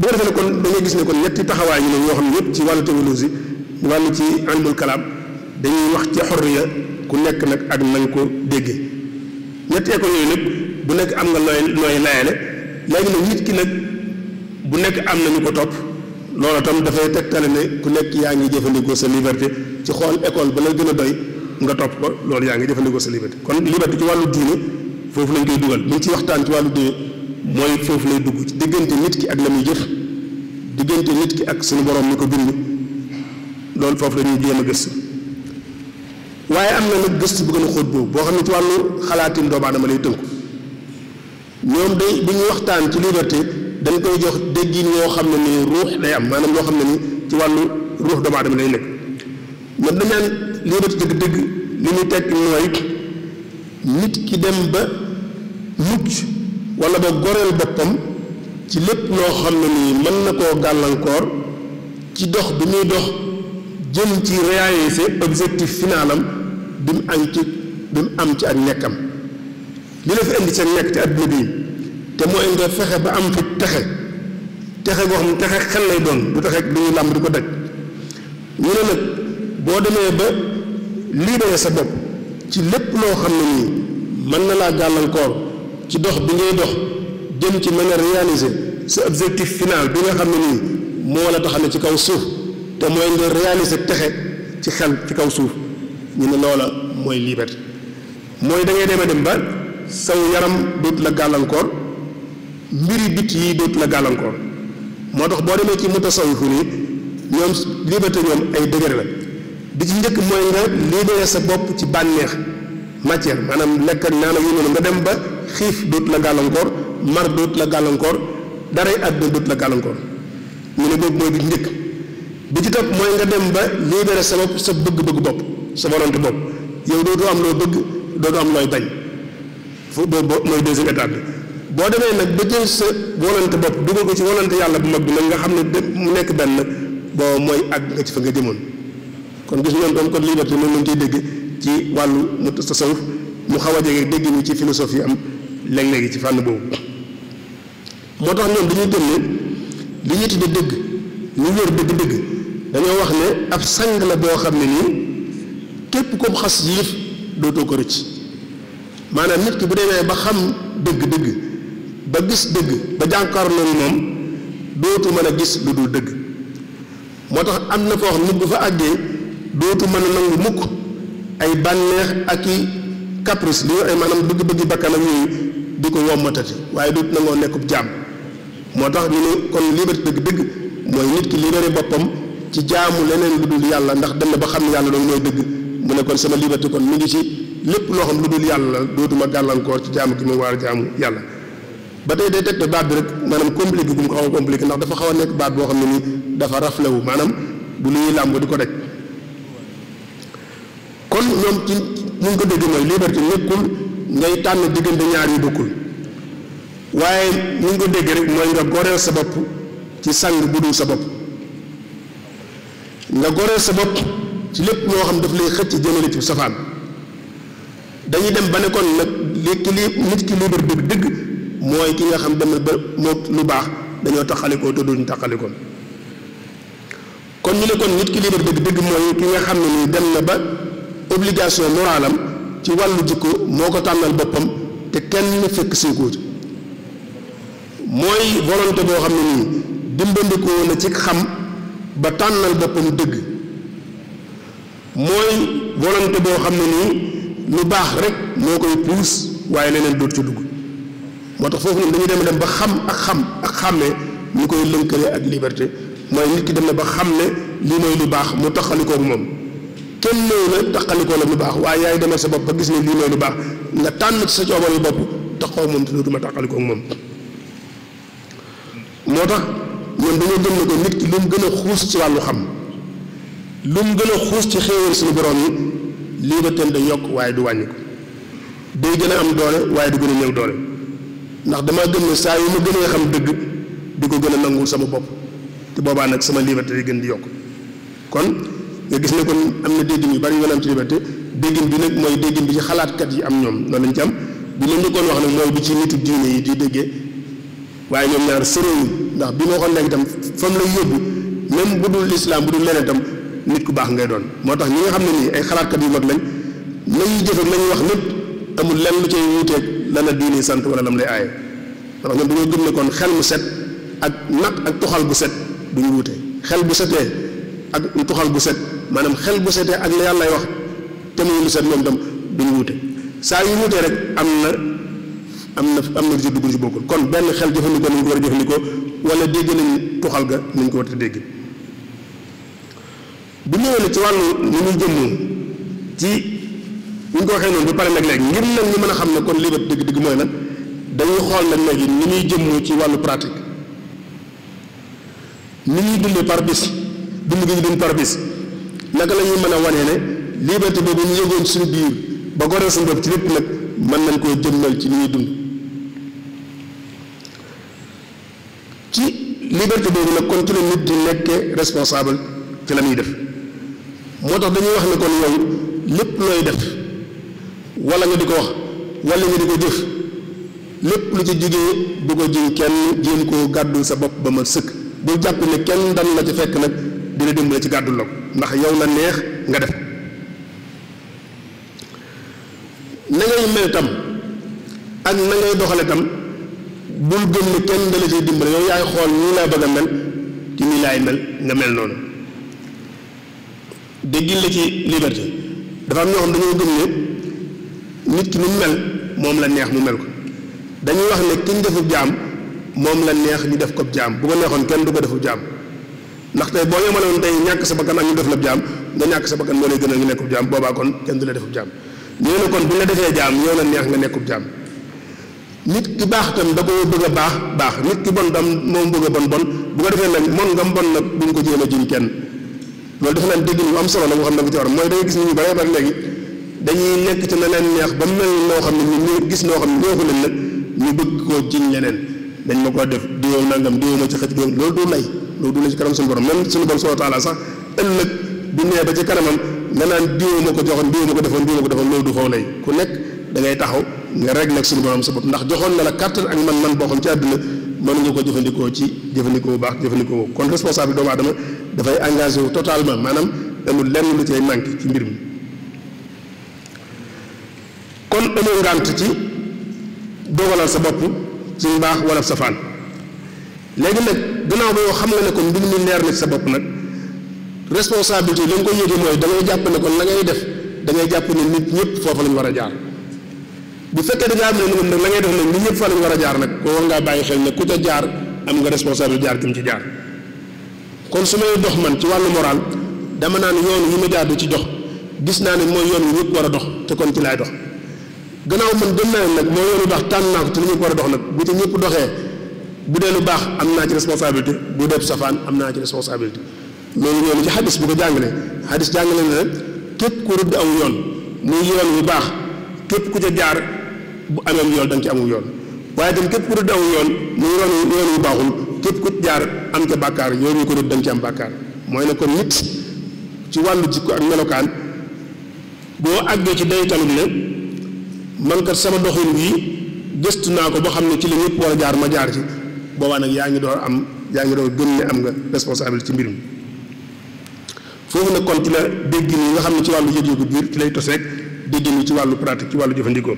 bu ko defee kon da gis ne kon ñetti taxawaay yi ne yoo ci wàllu théologie wàllu ci ilmul kalaam dañuy wax ci ku nekk nag ak na ko déggee ñetti école yooyu nag bu nekk am nga looy looy layale léegi nag nit ki nag bu nekk am na ñu ko topp loolu tam dafay teg tegtale ne ku nekk yaa ngi jëfandikoo sa liberté ci xool école ba la gën a doy nga topp ko loolu yaa ngi jëfandikoo sa liberté kon liberté ci wàllu diine foofu lañ koy dugal buñ ci waxtaan ci wàllu diine mooy foofu lay dugg ci diggante nit ki ak la muy jëf diggante nit ki ak suñu borom mi ko bind loolu foofu la ñuy jéem a gëstu waaye am na nag gëstu bu gën a xóot boobu boo xam ne ci wàllu xalaatin doomu aadama lay tënku. ñoom day bu ñu waxtaan ci liberté dañ koy jox déggin yoo xam ne nii ruux lay am maanaam loo xam ne nii ci wàllu ruux doomu aadama lay nekk ñoom dañ naan liberté tekk mooy ki dem ba mucc wala ba goreel ci lépp loo xam ne nii mën na koo gàllankoor ci dox bi muy dox ci réaliser objectif finalam bi mu am ci bi mu am ci ak nekkam li la fi indi seen nekk ci àdduna bii te moo indi fexe ba am fi texe texe goo xam ne texe xel lay doon du texe du ñuy làmb di ko deg ñu ne nag boo demee ba libéré sa bopp ci lépp loo xam ne nii mën na laa gàllankoor ci dox bi ngay dox jëm ci mën a réaliser sa objectif final bi nga xam ne nii moo la tax ne ci kaw suuf te mooy nga réaliser texe ci xel ci kaw suuf ñu ne loola mooy liberté mooy da ngay dem a dem ba. saw yaram dootu la gàllankoor mbiri bit yi dootu la gàllankoor moo tax boo demee ci mutasawuf ni ñoom liberté ñoom ay degré la bi ci njëkk mooy nga libéré sa bopp ci bànneex matière maanaam lekk ak naan ak yu noonu nga dem ba xiif dootu la gàllankoor mar dootu la gàllankoor daray àdduna dootu la gàllankoor mu ne boobu mooy bi njëkk bi ci topp mooy nga dem ba libéré sa bopp sa bëgg-bëgg bopp sa volonté bopp yow dootu am loo bëgg dootu am looy fu boobu mooy deuxième boo demee nag ba jël sa volonté bopp dugal ko ci volonté yàlla bu mag bi nag nga xam ne de mu nekk benn boo mooy ak nga ci fa nga jëmoon kon gis ngeen kon kon liberté moom lañ koy dégg ci wàllu mu tasawuf mu xaw a jege dégg ñu ci philosophie am léeg-léegi ci fànn boobu moo tax ñoom dañuy deme ne li ñuy tudde dëgg ñu wér dëgg-dëgg dañoo wax ne ab sang la boo xam ne nii tépp ko xas yiif dootoo ko ci maanaam nit ki bu demee ba xam dëgg-dëgg ba gis dëgg ba jànkarloolu moom dootu mën a gis lu dul dëgg moo tax am na foo xam nit bu fa àggee dootu mën a nangu mukk ay bànneex ak i caprice li ay maanaam bëgg-bëgg bakkan ak yooyu di ko yombatati waaye dootu nangoo nekkub jaam moo tax ñu nu kon liberté dëgg-dëgg mooy nit ki libéré boppam ci jaamu leneen lu dul yàlla ndax dem na ba xam ne yàlla doon mooy dëgg mu ne kon sama liberté kon mi ngi si lépp loo xam lu dul yàlla dootuma gàllankoor ci jaamu gi mu waar jaamu yàlla ba tey day teg te baat bi rek maanaam compliqué bu mu ko xaw a compliqué ndax dafa xaw a nekk baat boo xam ne nii dafa raflewu maanaam bu lu ñuy làmb di ko daj kon ñoom ci ñu ngi ko dégg mooy liberté nekkul ngay tànn diggante ñaar yu bokkul ko dégg mooy nga goreel sa bopp ci sang bu dul sa bopp nga goreel sa bopp ci lépp loo xam daf lay xëcc jëmale ci safaan dañuy dem ba ne kon nag li ki nit ki libre dëgg dëgg mooy ki nga xam dem na ba moom lu baax dañoo taxalikoo te duñ taxalikoon kon ñu ne kon nit ki dëgg dëgg mooy ki nga xam ne nii dem na ba obligation morale ci wàllu jikko moo ko tànnal boppam te kenn fekk sinkoo ci mooy volonté boo xam ne nii dimbandikoo na ci xam ba tànnal boppam dëgg mooy volonté boo xam ne ñu lu baax rek moo koy puus waaye leneen dootu ci dugg moo tax foofu ñun dañu dem dem ba xam ak xam ak xàmmee ñu koy lënkale ak liberté mooy nit ki dem na ba xam ne lii mooy lu baax mu taxalikoogu moom kenn néew na taxalikoo la lu baax waaye yaay demal sa bopp ba gis ne lii mooy lu baax nga tànn ci sa coobal yu bopp taxaw moom te dootuma taxalikoogu moom moo tax ñoom dañoo gëm a ko nit ki lu mu gën a xuus ci wàllu xam lu mu gën a xuus ci xéewal suñu borom yi libertéem da yokk waaye du wàññi ko day gën a am doole waaye du gën a néew doole ndax dama gëm ne saa yu ma gënee xam dëgg di ko gën a nanguwul sama bopp te boobaa nag sama liberté day gën di yokk kon nga gis ne kon am na déggin yu bari yu am ci déggin bi nag mooy déggin bi ci xalaatkat yi am ñoom loolu lañ ci am bi ma njëkkoon wax nag mooy bi ci nitu diine yi di déggee waaye ñoom ñaar sëréwuñ ndax bi ma waxoon léegi itam fam lay yóbbu même bu dul lislaam bu dul leneen tam nit ku baax ngay doon moo tax ñi nga xam ne nii ay xalaatkat yu mag lañ la ñuy jëfe la wax lépp amul lenn lu cay wuuteeg la la diini sant wala lam lay aaye ndax ñoom dañoo gëm ne kon xel mu set ak naq ak toxal bu set du ñu wuute xel bu setee ak toxal bu set maanaam xel bu setee ak la yàlla lay wax te muy lu set moom tam du ñu wuute saa yu wuutee rek am na am na am na ci dugg ci bokkul kon benn xel jëfandikoo nañ ko war a jëfandikoo wala dégg nañ toxal ga nañ ko war a dégg. bu ñëwee nag ci wàllu ni muy jëmm ci ñu ko waxee noonu du pare nag léegi ngir nag ñu mën a xam ne kon liberté dëgg-dëgg mooy lan dañuy xool nag léegi ni muy jëmm ci wàllu pratique ni ñuy dundee par bis dund gi ñu dund par bis naka la ñuy a wanee ne liberté boobu ñu yëgoon suñu biir ba goreel suñu bopp ci lépp nag mën nañ koo jëmmal ci ni ñuy dund ci liberté boobu nag kon ci la nit di nekkee responsable ci la muy def moo tax dañuy wax ne kon yooyu lépp looy def wala nga di ko wax walla nga di ko jëf lépp lu ci jógee bu ko jiñ kenn jéem koo gàddu sa bopp ba ma sëkk bul jàpp ne kenn dan la ci fekk nag dina dimbale ci gàddu la ndax yow na neex nga def na ngay mel tam ak na ngay doxale tam bul gëm ne kenn dala ciy dimbale yow yaay xool nii laa bëgg a mel ci nii laay mel nga mel noonu déggil la ci liberté dafa am ñoo xam dañoo gëm nit ki nu mu mel moom la neex mu mel ko dañuy wax ne ki ñu defub jaam moom la neex ñu def ko jaam bu ko neexoon kenn du ko defub jaam ndax tey boo yemaloon tey ñàkk sa bakkan ñu def la jaam nga ñàkk sa bakkan moo lay gën a ngi nekkub jaam boobaa kon kenn du la defub jaam ñu ne kon bu la defee jaam yow la neex nga nekkub jaam nit ki baax tam da ko bëgg a baax baax nit ki bon tam moom bëgg a bon bon bu ko defee nag moom nga bon nag bu ñu ko jéem a jiñ kenn loolu dafa naan dégg ñu am solo la xam ne bu ci war mooy da nga nekk ci na neex ba mel noo xam ne ñu ñu gis noo xam ne neexu leen nag ñu bëgg koo dañ ma ko def diwoo nangam diwoo ma ci xëcc diwoo loolu du lay loolu du lay ci kanam suñu borom même suñu borom subhanahu wa taala nee ba ci kanamam nga naan diwoo ma ko joxoon diwoo ma ko defoon diwoo ma ko defoon loolu du faw lay ku nekk da ngay taxaw nga rek nag suñu borom sa bopp ndax joxoon na la kàttan ak man man boo xam ci àdduna mën nga ko jëfandikoo ci jëfandikoo bu baax jëfandikoo kon responsable doomu aadama dafay engagé wu totalement maanaam amul lenn lu cay manqué ci mbir mi kon amul ci dogalal sa bopp ci mbaax wala safaan léegi nag gannaaw ba yoo xam nga ne ko mbir mu neer na sa bopp nag responsabilité li ko yéegee mooy da ngay jàpp ne kon la ngay def da ngay jàpp ne nit ñëpp foofu lañ war a jaar bu fekkee da ngaa am ay lëndëm nag la ngay def nag li ñëpp fa lañ war a jaar nag ko war ngaa bàyyi xel ne ku ca jaar am nga responsable jaar ki mu ci jaar kon su may dox man ci wàllu moral dama naan yoon yi ma jaar du ci dox gis naa ne mooy yoon wi ñëpp war a dox te kon ci laay dox gannaaw man gën naa ne nag mooy yoon yu baax tànn naa ko te li ñëpp war a dox nag bu ci ñëpp doxee bu dee lu baax am naa ci responsabilité bu dee safaan am naa ci responsabilité loolu loolu ci xadis bu ko jàngalee xadis jàngale na ne képp ku rëdd aw yoon muy yoon wu baax képp ku ca jaar bu ameem yoon da nga ci amul yoon waaye tam képp ku rëdd amul yoon muy yoon yoon wu baaxul képp ku jaar am ca bàkkaar yoon yu ko rëdd da ci am bàkkaar mooy ne kon nit ci wàllu jikko ak melokaan boo àggee ci day talum ne man kat sama doxin bii gëstu naa ko ba xam ne ci la ñëpp war a jaar ma jaar ci boobaa nag yaa ngi door am yaa ngi door gën ne am nga responsabilité ci mbirum foofu nag kon ci la dégg nii nga xam ne ci wàllu yëg-yëgu biir ci lay tos rek dégg nii ci wàllu pratique ci wàllu jëfandikoo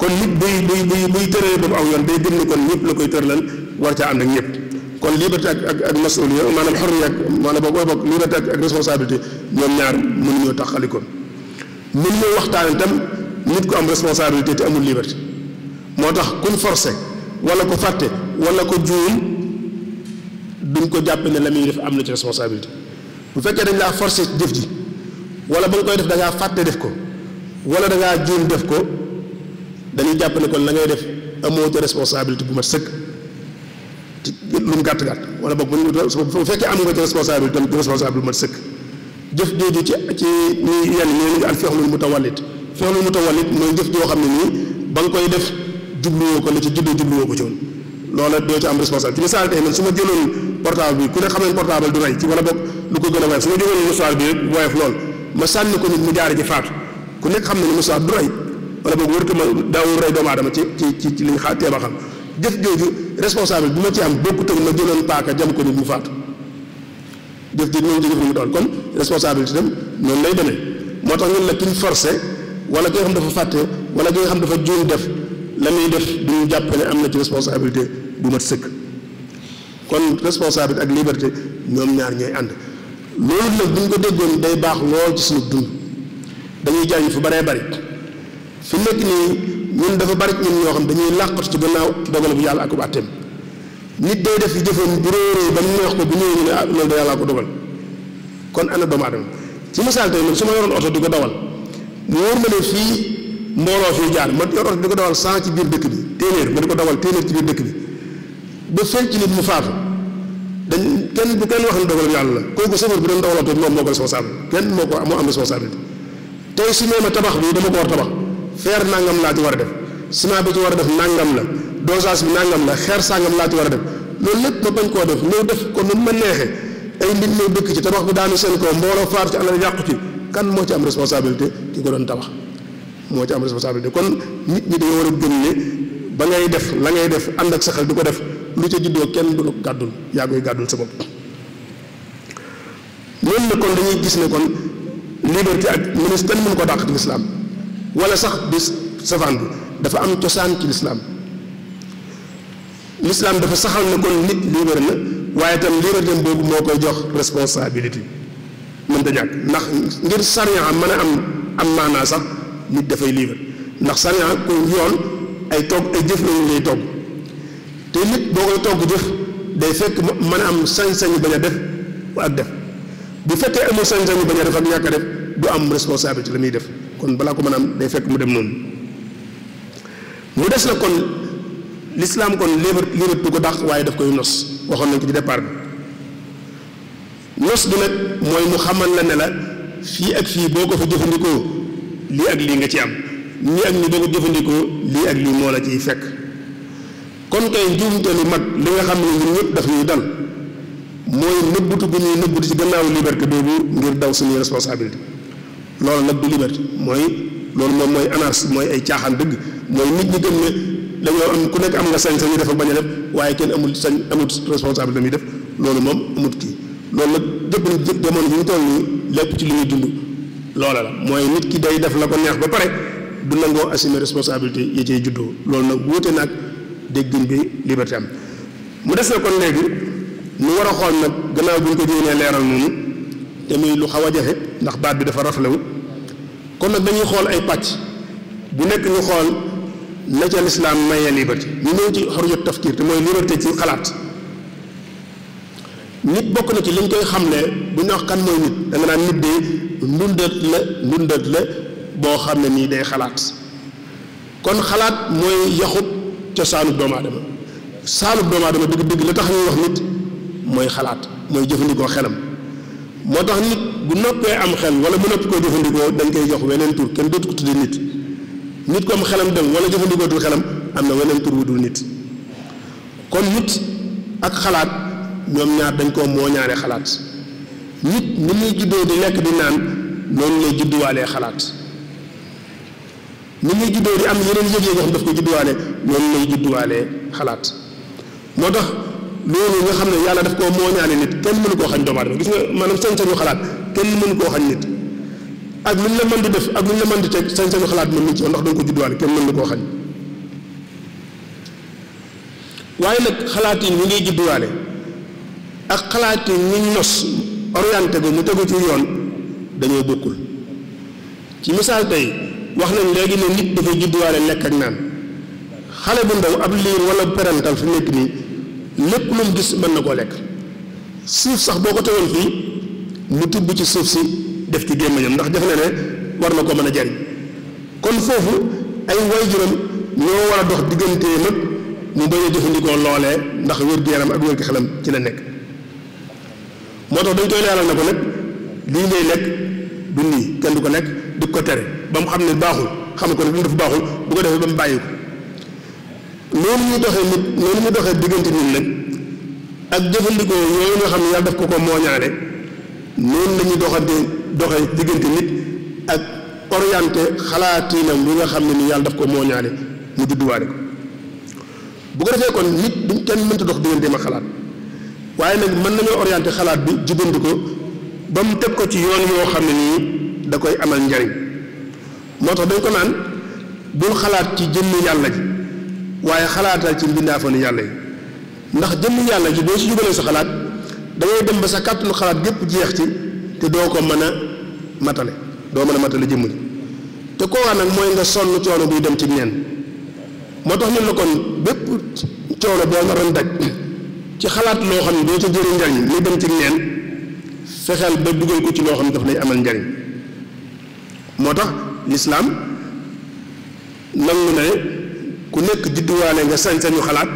kon nit buy buy buy buy tëralee boobu aw yoon day gëm ne kon ñëpp la koy tëralal war ca ànd ak ñëpp kon liberté ak ak ak masuliya maanaam xorriya ak maanaam boo bokk liberté ak ak responsabilité tax ñaar ko taxali kon mënuñoo waxtaan itam nit ko am responsabilité te amul liberté moo tax kuñ forcé wala ko fàtte wala ko juum duñ ko jàpp ne la muy def am na ci responsabilité bu fekkee dañ laa forcé jëf ji wala ba nga koy def dangaa ngaa fàtte def ko wala da ngaa juum def ko. dañuy jàpp ne ngay def amoo te responsabilité bu mat sëkk lu mu gàtt gàtt wala boog bu ñu fekkee am nga ci responsabilité tam responsable bu mat sëkk jëf jooju ci ci ñuy yenn ñoo ngi al fexlul mutawallit fexlul mutawallit mooy jëf joo xam ne nii ba nga koy def jubluwoo ko la ci juddoo jubluwoo ko ci woon loola doo ci am responsable ci misaal tey man su ma jëloon portable bi ku ne xam ne portable du rey ci wala boog ko gën a woyof su ma bi rek woyof lool ma sànni ko nit mu jaare ci faatu ku nekk xam ne ne mouchoir du rey wala boobu wër ma daawul rey doomu aadama ci ci ci ci liñ xaar teem a xam jëf jooju responsable bi ma ci am bokkut ak ma jëloon paaka jam ko nit mu faatu jëf jooju moom jëf mu kon responsabilité dem noonu lay demee moo tax ñun la kiñ forcé wala ki nga xam dafa fàtte wala ki nga dafa juum def la muy def du ñu jàpp ne am na ci responsabilité bu mat sëkk kon responsabilité ak liberté ñoom ñaar ñooy ànd loolu nag bu ñu ko déggoon day baax lool ci suñu dund dañuy jariñ fu baree bari fi nekk nii ñun dafa bari ñun ñoo xam dañuy làqatu ci gannaaw dogal bu yàlla ak bu àtteem nit day def jëfam bu réeréer ba ñu wax ko bu ñëwee ñu ne ah loolu da yàlla ko dogal kon ana doomu aadama ci misaal tey man su ma yoroon oto di ko dawal mu wóor ma ne fii mbooloo fii jaar ma yor dawal cent ci biir dëkk bi téeméer ma ko dawal téeméer ci biir dëkk bi ba fekk ci nit mu faatu dañ kenn bu kenn wax yàlla la kooku safar bi doon dawal oto moom moo ko responsable kenn moo ko moo am responsabilité tey su ma tabax bi dama ko war tabax. feer nangam laa ci war a def ciment bi ci war a def nangam la dosage bi nangam la xeer sàngam laa ci war a def loolu lépp ma bañ koo def ñëw def kon nu ma neexee ay nit ñëw dëkk ci tabax bi daanu seen kaw mbooloo faar ci alal yàqu ci kan moo ci am responsabilité ki ko doon tabax moo ci am responsabilité kon nit ñi dañoo war a gëm ba ngay def la ngay def ànd ak sa xel di ko def lu ca juddoo kenn du la gàddul yaa koy gàddul sa bopp loolu kon dañuy gis ne kon liberté ak ministre kenn ko dàq wala sax bis safaan bi dafa am cosaan ci lislaam lislaam dafa saxal na kon nit libre na waaye itam libertéem boobu moo koy jox responsabilité mën ta ñàkk ndax ngir sariya mën a am am maanaa sax nit dafay libre ndax sariya ko yoon ay toog ay jëf lañu lay togg te nit boo koy togg jëf day fekk mën a am sañ-sañu bañ a def ak def bu fekkee amul sañ-sañu bañ a def ak ñàkk def du am responsabilité la muy def kon balaa ko mën a am day fekk mu dem noonu mu des na kon lislaam kon léebat léebat du ko dàq waaye daf koy nos waxoon nañ ko ci départ bi nos bi nag mooy mu xamal la ne la fii ak fii boo ko fa jëfandikoo lii ak lii nga ci am nii ak nii boo ko jëfandikoo lii ak lii moo la ciy fekk kon kay njuumte lu mag li nga xam ne ñun ñëpp daf ñuy dal mooy nëbbutu bu ñuy nëbbutu ci gannaaw liberté boobu ngir daw suñuy responsabilité loolu nag du liberté mooy loolu moom mooy anarchie mooy ay caaxaan dëgg mooy nit ñi gëm ne dañoo am ku nekk am nga sañ-sañ yi dafa bañ a def waaye kenn amul sañ amul responsabilité muy def loolu moom mut kii loolu nag jëpp na jëpp jamono ji ñu toll lépp ci li ñuy dund loola la mooy nit ki day def la ko neex ba pare du nangoo assumer responsabilité yi cay juddoo loolu nag wuute nag déggin bi liberté am mu des na kon léegi ñu war a xool nag gannaaw bu ñu ko jéemee leeral noonu te muy lu xaw a jafe ndax baat bi dafa raflewu kon nag dañuy xool ay pàcc bu nekk ñu xool la ca lislaam mayee liberté ñu ñëw ci xorjot tafkiir te mooy liberté ci xalaat nit bokk na ci liñ koy xam ne bu ñu wax kan mooy nit da nga naan nit de ndundat la ndundat la boo xam ne nii day xalaat kon xalaat mooy yaxut cosaanub doomu aadama saanub doomu aadama dëgg la tax ñuy wax nit mooy xalaat mooy jëfandikoo xelam moo tax nit bu noppee am xel wala bu noppi koy jëfandikoo dañ koy jox weneen tur kenn dootu ko tuddee nit nit ko am xelam dem wala jëfandikoo dul xelam am na weneen tur wu dul nit kon nit ak xalaat ñoom ñaar dañ koo moo ñaare xalaat nit ni muy juddoo di lekk di naan noonu lay judduwaalee xalaat ni muy juddoo di am yeneen yëg-yëg yoo xam daf ko judduwaale noonu lay judduwaale xalaat moo tax loolu nga xam ne yàlla daf koo mooñaane nit kenn mënu koo xañ doomu aadama gis nga maanaam sañ-sañu xalaat kenn mënu koo xañ nit ak lu ñu la mën di def ak lu ñu la mën di teg sañ-sañu xalaat mën na ci ndax ko judduwaale kenn mën na koo xañ waaye nag xalaat yi ñu ngi judduwaale ak xalaat yi ñu nos orienté ko mu tegu ci yoon dañoo bokkul ci misaal tey wax nañ léegi ne nit dafa judduwaale lekk ak naan xale bu ndaw ab liir wala perantal fi nekk nii lépp lu mu gis mën na koo lekk suuf sax boo ko tegoon fii mu tibb ci suuf si def ci gémmiñam ndax def na ne war na ko mën a jariñ kon foofu ay waajuram ñoo war a dox digganteem ak mu bañ a jëfandikoo loolee ndax wér-gu-yaram ak wér-gu xelam ci la nekk moo tax dañ koy leeral na ko nag lii ngay lekk du nii kenn du ko lekk di ko tere ba mu xam ne baaxul xam ko ne du dafa baaxul bu ko defee ba mu bàyyi ko noonu ñu doxee nit noonu ñu doxee diggante nit nag ak jëfandikoo yooyu nga xam ne yàlla def ko ko mooñaale noonu la ñuy doxante doxee diggante nit ak orienté xalaatinam li nga xam ne ni yàlla daf ko mooñaale mu judduwaale ko bu ko defee kon nit duñ kenn mënta dox digganteem ak xalaat waaye nag mën nañoo orienté xalaat bi jubbanti ba mu teg ko ci yoon yoo xam ne nii da koy amal njariñ moo tax dañ ko naan bul xalaat ci jëmm yàlla ji waaye xalaatal ci mbindaafanu yàlla yi ndax jëmm yàlla ji doo ci jubalee sa xalaat dangay dem ba sa kàttanu xalaat gépp jeex ci te doo ko mën a matale doo mën a matale jëmm ji te koo waa nag mooy nga sonn coono buy dem ci neen moo tax ñun la kon bépp coono boo naroon daj ci xalaat loo xam ne doo ca jëriñ njariñ li dem ci neen fexeel ba dugal ko ci loo xam ne daf lay amal njariñ moo tax lislaam nangu ne ku nekk judduwaale nga sañ-sañu xalaat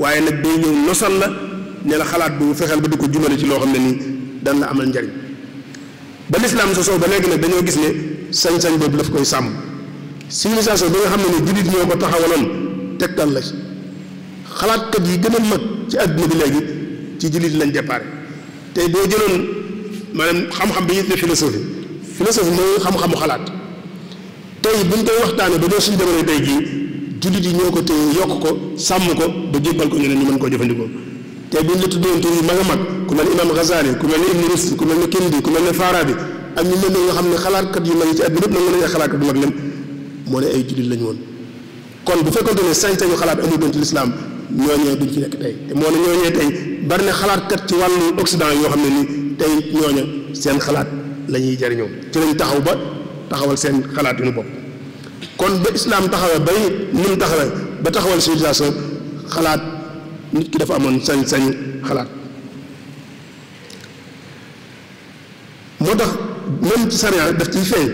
waaye nag day ñëw nosal la ne la xalaat bu fexeel ba di ko jumale ci loo xam ne nii dana la amal njariñ ba lislaam soow ba léegi nag dañoo gis ne sañ-sañ boobu daf koy sàmm civilisation bi nga xam ne ni jullit ñoo ko taxawaloon tegtal la ci xalaatkat yi gën mag ci àdduna bi léegi ci jullit lañ déparé tey boo jëloon maanaam xam-xam bi ñuy tuddee philosophie philosophie mooy xam-xamu xalaat tey buñ koy waxtaanee ba ñoo suñu jamono tey jii jullit yi ñoo ko téye yokk ko sàmm ko ba jébbal ko ñeneen ñu mën koo jëfandikoo te buñ la tuddoon tur yi mag a mag ku mel ne imam Ghazali ku mel ne Ibn Rushd ku mel ne Kindi ku mel ne Farabi ak ñu mel ne nga xam ne xalaat kat yi ci àdduna bi nag mën nañu xalaatkat bu mag woon kon bu fekkonte ne sañ-sañu xalaat amul doon ci ñooñee duñ ci nekk tey te moo ne ñooñee tey bari xalaat kat ci wàllu Occident yoo xam ne nii tey ñooña seen xalaat la ñuy jariñoo ci lañ taxaw ba taxawal seen xalaat yu ñu bopp kon ba islaam taxawee ba ni mu taxawee ba taxawal civilisation xalaat nit ki dafa amoon sañ-sañ xalaat moo tax même ci sariya daf ciy feeñ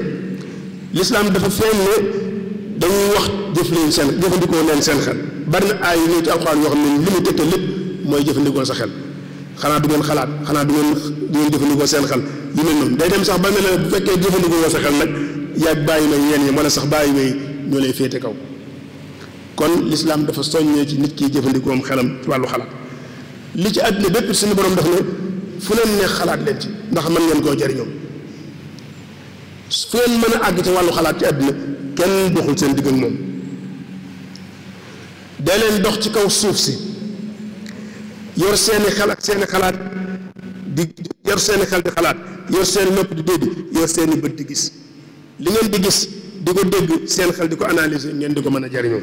lislaam dafa feeñ ne dañuy wax jëf leen seen jëfandikoo leen seen xel bari na aay yu ci alxuraan yoo xam ne li mu tëgg lépp mooy jëfandikoo sa xel xanaa du ngeen xalaat xanaa du ngeen du ngeen jëfandikoo seen xel yu mel noonu day dem sax ba mel ne bu fekkee jëfandikoo sa xel nag yàgg bàyyi may yeen yi wala sax bàyyi may ñoo lay féete kaw kon lislaam dafa soññee ci nit kiy jëfandikoom xelam wàllu xalaat li ci àddina bépp suñu boroom daf ne fu leen neex xalaat leen ci ndax mën ngeen koo jariñoo fu leen mën a àgg ci wàllu xalaat ci àddina kenn doxul seen digg ak moom da leen dox ci kaw suuf si yor seeni xel seeni xalaat di yor seeni xel di xalaat yor seeni mopp di dégg yor seeni bët di gis li ngeen di gis di ko dégg seen xel di ko analyser ngeen di ko mën a jariñoo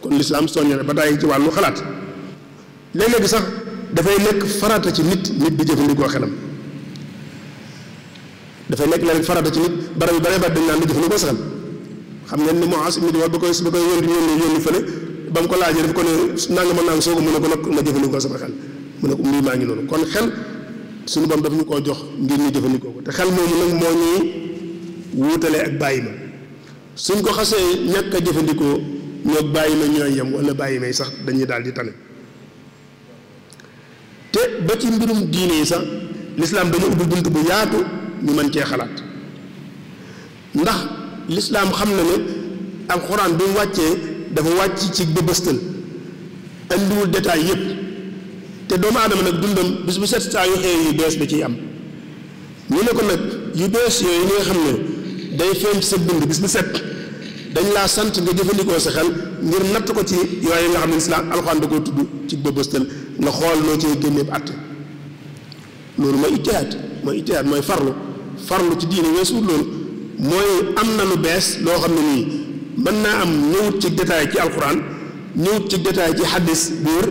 kon lislaam soññe na ba tàyyi ci wàllu xalaat léeg-léeg sax dafay nekk faraata ci nit nit di jëfandikoo xelam dafa nekk léeg farata ci nit barab yu bare bare dañ naan di jëfandikoo sa xam ngeen ni Muaas ibn Jabal ba koy ba koy yónni yónni yónni fële ba mu ko laajee daf ko ne nanga ma nang soo ko mu ne ko nag nga jëfandikoo sama xel mu ne ko mbir maa ngi noonu kon xel suñu boroom daf ñu koo jox ngir ñu jëfandikoo ko te xel moomu nag moo ñuy wuutale ak bàyyi ma suñ ko xasee ñàkk jëfandikoo ñoog bàyyi ma ñooy yem wala bàyyi may sax dañuy daal di tane te ba ci mbirum diine yi sax lislaam dañu ubbi bunt bu yaatu ñu mën cee xalaat ndax lislaam xam na ne alxuraan bi mu wàccee dafa wàcc ci bëbëstal indiwul détail yépp te doomu aadama nag dundam bis bu set saa yu xëy yu bees da ciy am ñu ne ko nag yu bees yooyu nga xam ne day feeñ ci sa bind bis bu set dañ laa sant nga jëfandikoo sa xel ngir natt ko ci yooyu nga xam ne islaam alxuraan da koo tudd ci bëbëstal nga xool noo cee génneeb àtte loolu mooy ijtihaad mooy ijtihaad mooy farlu farlu ci diine weesuut loolu mooy am na lu bees loo xam ne nii mën naa am ñëwut ci détail ci alxuraan ñëwut ci détail ci xaddis bu wér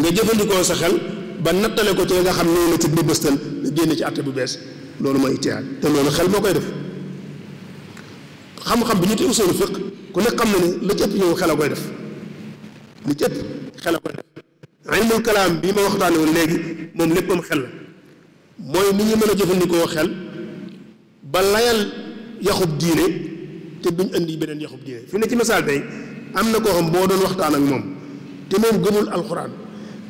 nga jëfandikoo sa xel ba nattale ko ci nga xam ne la ci bëbëstal nga génne ci àtte bu bees loolu mooy ijtihaad te loolu xel moo koy def xam-xam bi ñu tuddee usul fiq ku nekk xam na ne lu ci ëpp ñëw xel a koy def lu ci ëpp xel a koy def ilmul kalaam xel la mooy ni ñu mën a jëfandikoo xel ba layal yaxub diine te duñ indi beneen yaxub diine fi ne ci misaal tey am na koo xam boo doon waxtaan ak moom te moom gëmul alxuraan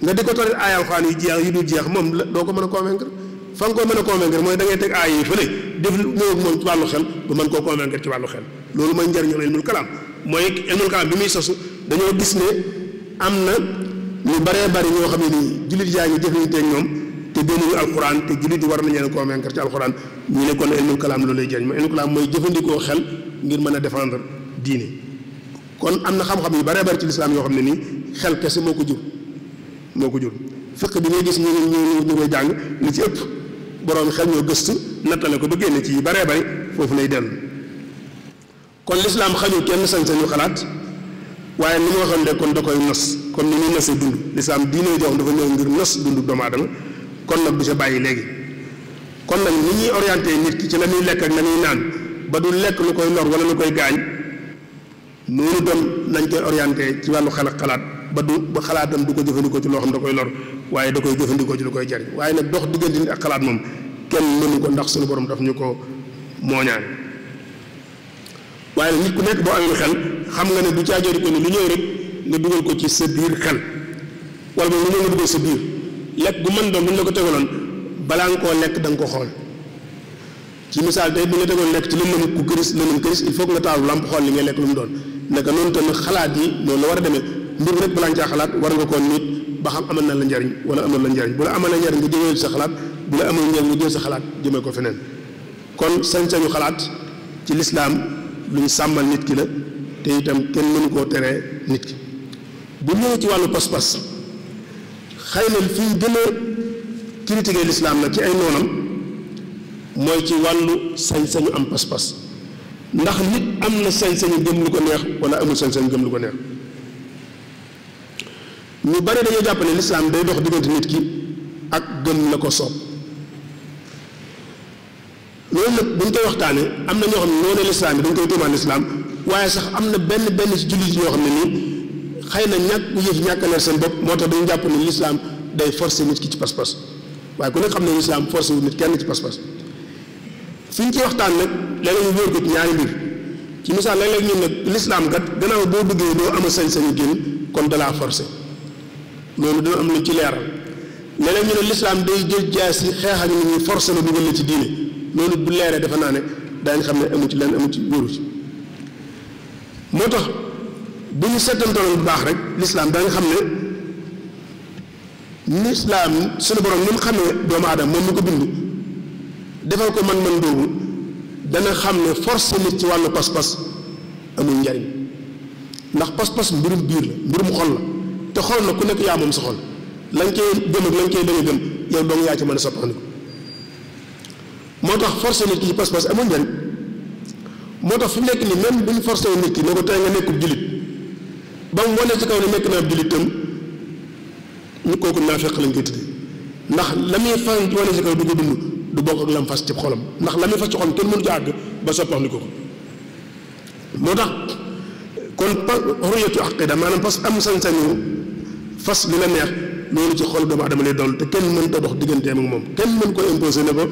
nga di ko tari ay alxuraan yu jeex yi dul jeex moom la doo ko mën a convaincre fa nga ko mën a convaincre mooy da ngay teg aay yi fële def ñëw ak moom ci wàllu xel ba mën koo convaincre ci wàllu xel loolu mooy njariñu ilmul kalaam mooy ilmul dañoo gis ne am na ñu baree bari ñoo xam ne nii jullit yaa ngi jëfandikoo ak ñoom te doonuñu alxuraan te jullit war nañ leen convaincre ci alxuraan ñu ne kon ilmul kalaam loolu lay mooy kalaam mooy jëfandikoo xel ngir mën a défendre diine kon am na xam-xam yu baree bari ci lislaam yoo xam ne nii xel kese moo ko jur moo ko jur fiq bi ngay gis ñu ñu koy jàng li ci ëpp boroom xel ñoo gëstu nattale ko ba génne ci yi baree bari foofu lay dellu kon lislaam xañu kenn sañ-sañu xalaat waaye ni mu waxoon de kon da koy nos kon ni muy nosee dund lislaam diine jox dafa ñëw ngir nos dund doomu aadama kon nag du ca bàyyi léegi kon nag ni ñuy orienté nit ki ci la muy lekk ak la muy naan ba du lekk lu koy lor wala lu koy gaañ noonu itam lañ koy orienté ci wàllu xel xalaat ba du ba xalaatam du ko jëfandikoo ci loo xam da koy lor waaye da koy jëfandikoo ci lu koy jari waaye nag dox diggante nit ak xalaat moom kenn mënu ko ndax suñu borom daf ñu ko mooñaan waaye nag ku nekk boo amee xel xam nga ne du caajoo di ko ne lu ñëw rek nga dugal ko ci sa biir xel wala moom lu ñëw nga dugal sa biir lekk gu mën doon bu ñu la ko tegaloon balaa nga koo lekk danga ko xool ci misaal tey bu ñu la tegaloon lekk ci lëndëm ku këris lëndëm këris il faut nga taal lamp xool li ngay lekk lu mu doon naka noonu tamit xalaat yi noonu la war a demee mbir rek balaa nga caa xalaat war nga koon nit ba xam amal na la njariñ wala amal la njariñ bu la amalee njariñ nga jëmee sa xalaat bu la amal njariñ nga jël sa xalaat jëmee ko feneen kon sañ-sañu xalaat ci lislaam lu ñu sàmmal nit ki la te itam kenn mënu koo teree nit ki bu ñëwee ci wàllu pas-pas xëy na fi ñu gën a critiquer lislaam la ci ay noonam mooy ci wàllu sañ-sañu am pas-pas ndax nit am na sañ-sañu gëm lu ko neex wala amul sañ-sañu gëm lu ko neex ñu bari dañoo jàppale ne lislaam day dox diggante nit ki ak gëm la ko soob loolu nag bu ñu koy waxtaanee am na ñoo xam ne noonu lislaam yi dañ koy tuumaan lislaam waaye sax am na benn benn ci jullit ñoo xam ne nii xëy na ñàkk yëf ñàkk leer seen bopp moo tax dañu jàpp ne lislaam day forcer nit ki ci pas-pas waaye ku nekk xam ne lislaam forcer nit kenn ci pas-pas suñ ci waxtaan nag léeg-léeg ñu wóor ko ci ñaari mbir ci misaal léeg-léeg ñun nag lislaam kat gannaaw boo bëggee doo am a sañ-sañu génn kon dalaa forcé noonu dina am lu ci leeral léeg-léeg ñu ne lislaam day jël jaas yi xeex ak nit ñi forcé la ci diine loolu bu leeree dafa naa ne daañ xam ne amu ci lenn amu ci wóoru ci moo tax bu ñu settantaloon bu baax rek lislaam daañ xam ne lislaam sunu borom ni mu xamee doomu aadama moom mu ko bindu defal ko man-man boobu dana xam ne force nit ci wàllu pas-pas amul njariñ ndax pas-pas mbirum biir la mbirum xol la te xol na ku nekk yaa moom sa xol lañ koy gëm ak lañ koy bañ a gëm yaa ci mën a soppandiku moo tax force nit ki ci pas-pas amul njariñ moo tax fi nekk ni même bu ñu forcé nit ki ne ko tey nga nekkul jullit ba mu wane ci kaw ne nekk naa jullit tam ñu kooku naafeq lañ koy tudde ndax la muy fan wane ci kaw du ko dund du bokk ak lam fas ci xolam ndax la muy fas ci xolam kenn mënu ci àgg ba soppandi ko moo tax kon xuriyatu aqida maanaam fas am sañ-sañu fas li la neex loolu ci xol doomu adama lay doon te kenn mën ta dox digganteem ak moom kenn mën ko imposé ne ko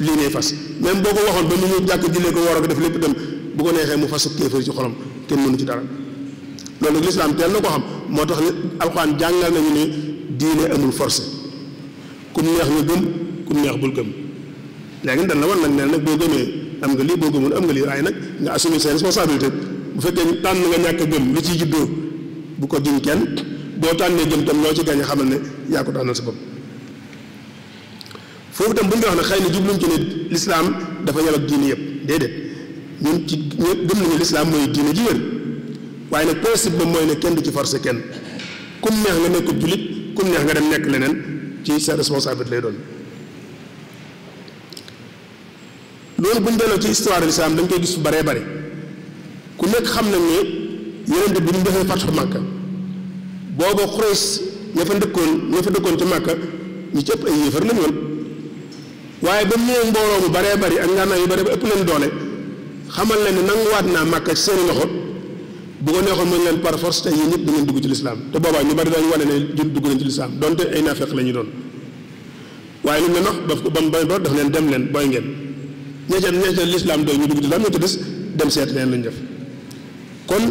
lii ngay fas même boo ko waxoon ba mu ñu jàkk jullee ko war a def lépp dem bu ko neexee mu fas kéefër ci xolam kenn mënu ci dara loolu nag lislaam teel na ko xam moo tax alxuraan jàngal nañu ne diine amul force ku ku neex bul gëm léegi dañ la war nag neen nag boo gëmee am nga lii boo gëmul am nga lii waaye nag nga assumer ses responsabilités bu fekkee tànn nga ñàkk a gëm lu ciy juddoo bu ko jiñ kenn boo tànnee gëm tam loo ci gañ xamal ne yaa ko tànnal sa bopp foofu tam bu ñu wax ne xëy na jubluñ ci ne lislaam dafa yem ak diine yëpp déedéet ñun ci ñëpp gëm nañu lislaam mooy diine ji waaye nag principe ba mooy ne kenn du ci forcer kenn kum neex nga nekkub jullit kum neex nga dem nekk leneen ci sa responsabilité lay doon loolu bu ñu delloo ci histoire de l'islam dañ koy gis bu baree bare ku nekk xam nañ ne yonent bi ñu defee fatxu Màkka booba Xurays ña fa dëkkoon ña fa dëkkoon ci Màkka ñu ci ëpp ay yéefar lañ woon waaye ba mu ñëwee mbooloo mu baree bari ak ngànnaay yu ba ëpp leen doole xamal leen ne nanguwaat naa Màkka ci seeni loxo bu ko neexoon mën leen par force te yéen ñëpp da ngeen dugg ci lislaam te boobaa ñu bari dañu wane ne jul dugg nañ ci lislaam donte ay naafeq la ñu doon waaye lu mu leen wax ba ba mu bañ daf leen dem leen booy ngeen ña ca ña ca lislaam doy ñu dugg lislaam ña ca des dem seet leen lañ def kon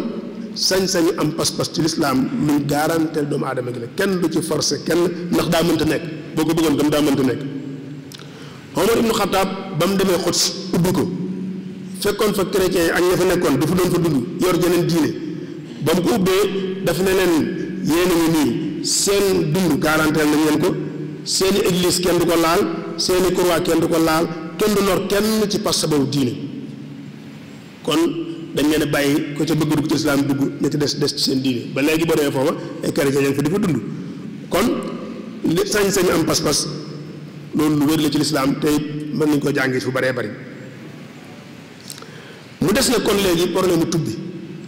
sañ sañ am pas-pas ci lislaam luñ garanteel doomu aadama gi la kenn du ci forcé kenn ndax daa mënta nekk boo ko bëggoon gëm daa mënta nekk Omar ibnu Xataab ba mu demee Xuds ubbi ko fekkoon fa chrétiens ak na fa nekkoon fa doon fa dund yor jeneen diine ba mu ko ubbee dafa ne leen yéen a ngi nii seen dund garanteel nañ leen ko seeni église kenn du ko laal seeni croix kenn du ko laal kenn du lor kenn ci pas sababu diine kon dañ leen a bàyyi ko ca bëgg dugg ci islaam dugg ña ci des des ci seen diine ba léegi boo demee foofa ay chrétien ña ngi fa di fa dund kon li sañ-sañ am pas-pas loolu lu wér la ci lislaam te mën nañu ko jàngi fu baree bari mu des na kon léegi problème mu tubbi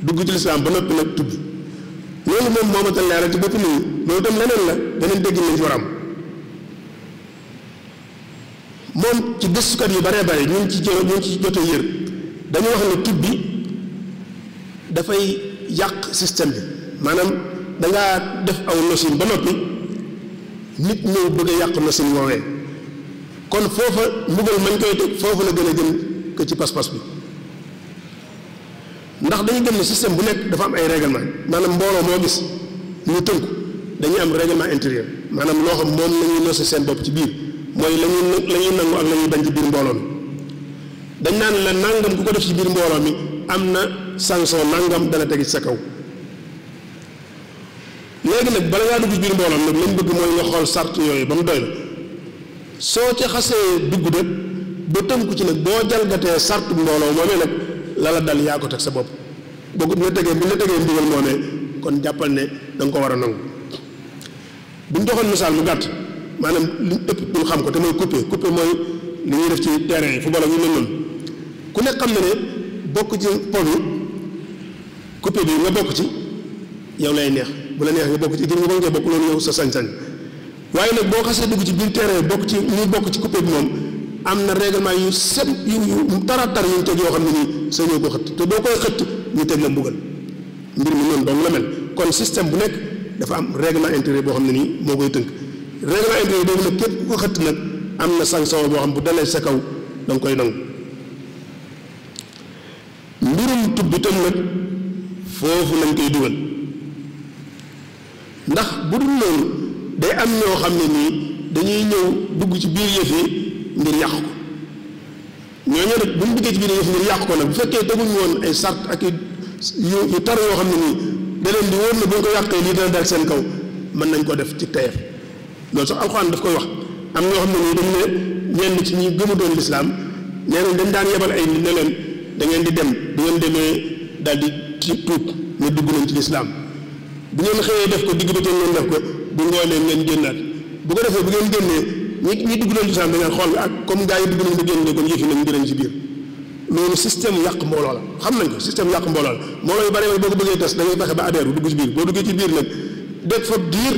dugg ci lislaam ba noppi nag tubbi loolu moom moo ma tal leeral ci bopp nii loolu tam leneen la beneen dégg nañ ci war am moom ci gëstukat yi bare bare ñu ngi ci jë ñu ngi ci jot a yër dañu wax ne tub bi dafay yàq système bi maanaam dangaa def aw nosin ba noppi nit ñëw bëgg a yàq nosin woowee kon foofa mbugal mañ koy teg foofu la gën a jëm ko ci pas-pas bi ndax dañu gëm ne système bu nekk dafa am ay règlement maanaam mbooloo moo gis ñu tënku dañu am règlement intérieur maanaam loo xam moom la ñuy nosi seen bopp ci biir mooy la ñuy la ñuy nangu ak la ñuy ci biir mbooloo mi dañ naan la nangam ku ko def ci biir mbooloo mi am na sanction nangam dana tegi ci sa kaw léegi nag bala ngaa dugg ci biir mbooloo mi nag lañ xool sart yooyu ba mu doy la soo ca xasee dugg de ba tënku ci nag boo jalgatee sart mbooloo moomee nag la la dal yaa ko teg sa bopp boo ko dina tegee bu ñu tegee mbugal moomee kon jàppal ne da nga ko war a nangu bu ñu doxoon misaal mu gàtt. maanaam li ëpp duñ xam ko te mooy coupé coupé mooy li ñuy def ci terrain yi football ak yu mel noonu ku ne xam na ne bokk ci po bi coupé nga bokk ci yow lay neex bu la neex nga bokk ci ngir nga bañ nga bokk sa sañ waaye nag boo xasee dugg ci biir terrain bokk ci bokk ci coupé bi moom am na règlement yu set yu yu taratar yu ñu teg yoo xam ne nii sa ñoo ko xëtt te boo koy xët ñu teg la mbugal mbir mi noonu dong la mel kon système bu nekk dafa am règlement intérieur boo xam ne nii moo koy tënk règlement intérieur boobu nag képp ku ko xëtt nag am na sanction boo xam bu dalee sa kaw da koy nangu mbirum tub bi foofu lañ koy dugal ndax bu am ñoo xam ne nii dañuy ñëw dugg ci biir yëf yi ngir yàq ko bu ñu duggee ci biir yëf ngir yàq ko nag bu fekkee woon ay ak yu tar yoo xam ne nii da leen di ko yàqee lii dana dal seen kaw mën nañ koo def ci tayef loolu sax alxuraan daf koy wax am ñoo xam ne nii dañu ne ñenn ci ñi gëmu doon lislaam nee nañ dañ daan yebal ay nit ne leen da ngeen di dem bu ngeen demee daal di tuub ne dugg nañ ci lislaam bu ngeen xëyee def ko digg bëccëg def ko bu ngoonee ngeen génnaat ko defee bu ngeen génnee ñi ñi dugg doon lislaam dañu xool ak comme gaa yi dugg nañ ba génn ne kon nañ njëriñ ci biir loolu système yàq mbooloo la xam nañ ko système yàq mbooloo la mbooloo yu bari boo ko bëggee tas da ngay fexe ba adhère dugg ci biir boo duggee ci biir nag def fa diir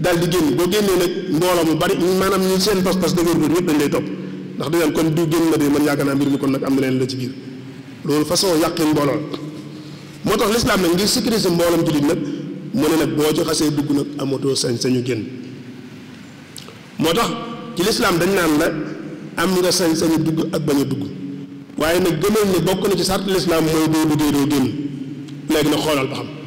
daal di génn boo génnee nag mbooloo mu bari maanaam ñi seen pas-pas dëgër gu ñëpp dañ lay topp ndax dañu kon du génn na de man yaakaar naa mbir mi kon nag am na leen la ci loolu façon yàqin mbooloo moo tax lislaam nag ngir sécuriser mbooloom jullit nag mu ne nag boo ci xasee dugg amatoo sañ-sañu génn moo tax ci lislaam dañ naan la am nga sañ-sañu dugg ak bañ a dugg waaye nag gëmal ne bokk na ci sart lislaam mooy boo duggee doo génn léegi nag xoolal ba xam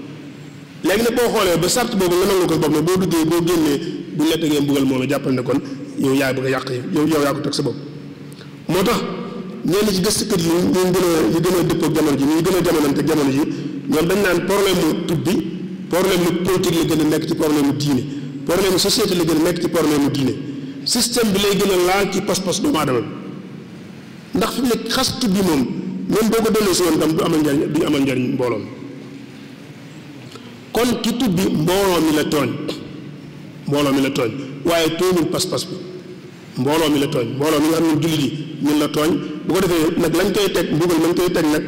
léegi nag boo xoolee ba sart boobu nga nangu ko bopp ne boo duggee boo génnee bu netta ngeen buggal moom jàppal ne kon yow yaay bëgg a yàq yow yow yaa ko teg sa bopp moo tax ñenn ci gëstukat yi ñu gën a ñu gën a dëppoo ak jamono ji ñu gën a jamonante jamono ji ñoom dañ naan problème mu tub bi problème mu politique la gën a nekk ci problème mu diine problème mu société la gën a nekk ci problème mu diine bi lay gën a laal ci pas-pas doomu aadama bi ndax fi mu xas tub bi moom même boo ko delloo si woon tam du amal njariñ du amal njariñ mbooloom kon ki tuddi mbooloo mi la tooñ mbooloo mi la tooñ waaye tooñul pas-pas bi mbooloo mi la tooñ mbooloo mi nga xam ne jullit yi ñun la tooñ bu ko defee nag lañ koy teg mbugal lañ koy teg nag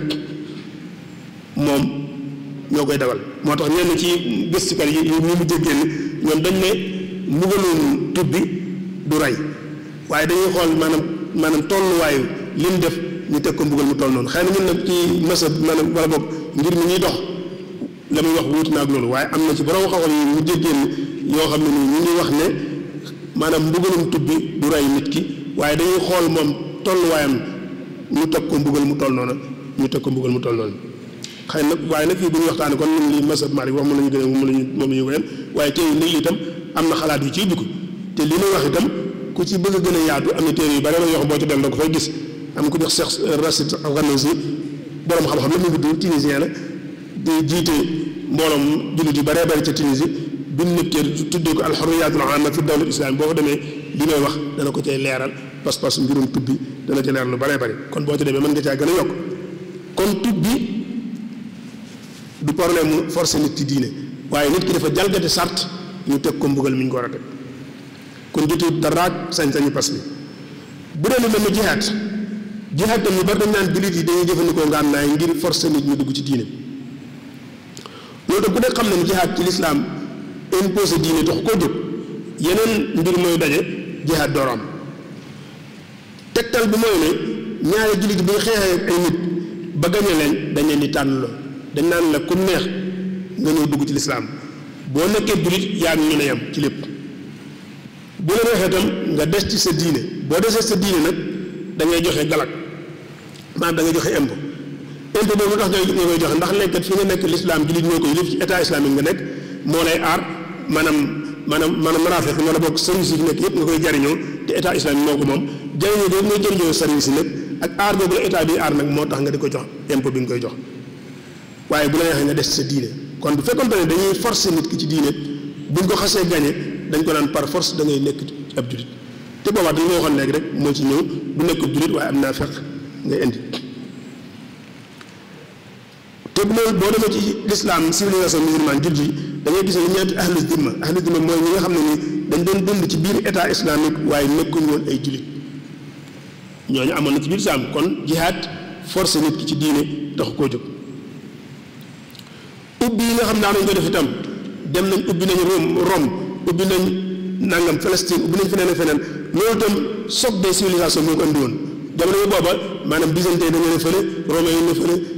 moom koy dawal moo tax ñenn ci gëstukat yi ñu mu jéggéen ñoom dañ ne mbugalum tubbi du rey waaye dañuy xool maanaam maanaam tolluwaayu li mu def ñu teg ko mbugal mu toll noonu xëy na ñun nag ci masa maanaam wala boog ngir mi ñuy dox la muy wax wuute na ak loolu waaye am na ci borom xam-xam yi mu jéggéen yoo xam ne ñu ngi wax ne maanaam mbugalum tubbi bu rey nit ki waaye dañuy xool moom tolluwaayam ñu teg ko mbugal mu toll noonu ñu teg ko mbugal mu toll noonu xëy na waaye nag fii bu ñu waxtaanee kon ñun lii masab Maalik wax moom la ñu gën a moom la ñu moom la ñu gën waaye tey lii itam am na xalaat yu ciy dugg te li may wax itam ku ci bëgg gën a yaatu am na téere yu bare la yoo xam boo ci dellu da ko fay gis am ku jox Cheikh Rachid Ghanouchi borom xam-xam la mu ngi tudd tunisien jiite mbooloom jullit yu bare bari ca Tunisie bi mu nekkee tuddee ko alxurriyaatul aama fi dawla islaam boo fa demee li may wax dana ko cay leeral pas-pas mbirum tubbi dana ca lu baree kon boo ci demee mën nga caa gën a yokk kon tubbi du problème mu forcé nit ci diine waaye nit ki dafa jalgati sart ñu teg ko mbugal mi ko war a teg kon jotul daraak sañ-sañu pas bi bu dee lu mel ni jihaat jihaat tam ñu bari dañ naan jullit yi dañuy jëfandikoo ngànnaay ngir forcé nit ñu dugg ci diine. loolu te ku ne xam nañ jihaad ci lislaam imposé diine tax koo jóg yeneen mbir mooy daje jihaad door am tegtal bi mooy ne ñaari jullit bu ñu xeexee ay nit ba gañe leen dañ leen di tànn dañ naan la ku neex nga ñëw ci lislaam boo nekkee jullit yaa ngi ñu ne yem ci lépp bu la neexee tam nga des ci sa diine boo desee sa diine nag dangay joxe galak maanaam da ngay joxe imb impôt boobu moo tax nga koy joxe ndax nekkat fi nga nekk lislaam jullit ñoo ko yilif ci état islamique nga nekk moo lay aar maanaam maanaam maanaam maraafeq wala boog service yi fi nekk yëpp nga koy jariñoo te état islamique moo ko moom jariñoo boobu ngay jëriñoo service yi nag ak aar boobu la état bi aar nag moo tax nga di ko jox impôt bi nga koy jox waaye bu la neexee nga des sa diine kon bu fekkoon ne dañuy force nit ki ci diine buñ ko xasee gañe dañ ko naan par force da ngay nekk ab jullit te boobaa dañ léegi rek moo ci ñëw nekk jullit am naa feq indi loolu boo demee ci l'islam civilisation musulmane jullit yi da ngay gis ne ñu ñeenti ahlu dimma ahlu dimma mooy ñi nga xam ne ni dañ doon dund ci biir état islamique waaye nekkuñu woon ay ñoo ñu amoon na ci biir islam kon jihaad forcé nit ki ci diine tax koo jóg ubbi yi nga xam naa nañ def itam dem nañ ubbi nañu Rome Rome ubbi nañ nangam Palestine ubbi nañ feneen ak feneen loolu itam soog des civilisation moo ko andi woon jamono booba maanaam byzantin dañu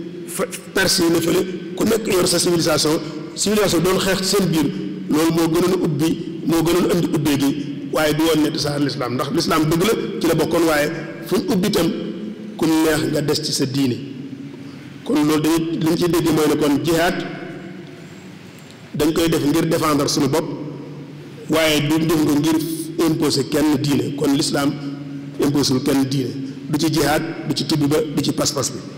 perse yi ne fële ku nekk yor sa civilisation civilisation doon xeex seen biir loolu moo gënoon a ubbi moo gënoon andi ubbee gi waaye du woon ne di saxal lislaam ndax lislaam dëgg la ci la bokkoon waaye fu ñu ubbi itam ku neex nga des ci sa diini kon loolu dañu li ñu ciy dégg mooy ne kon jihaad dañ koy def ngir défendre suñu bopp waaye du def ko ngir imposer kenn diine kon lislaam imposer kenn diine du ci jihaad du ci tibb ba du ci pas bi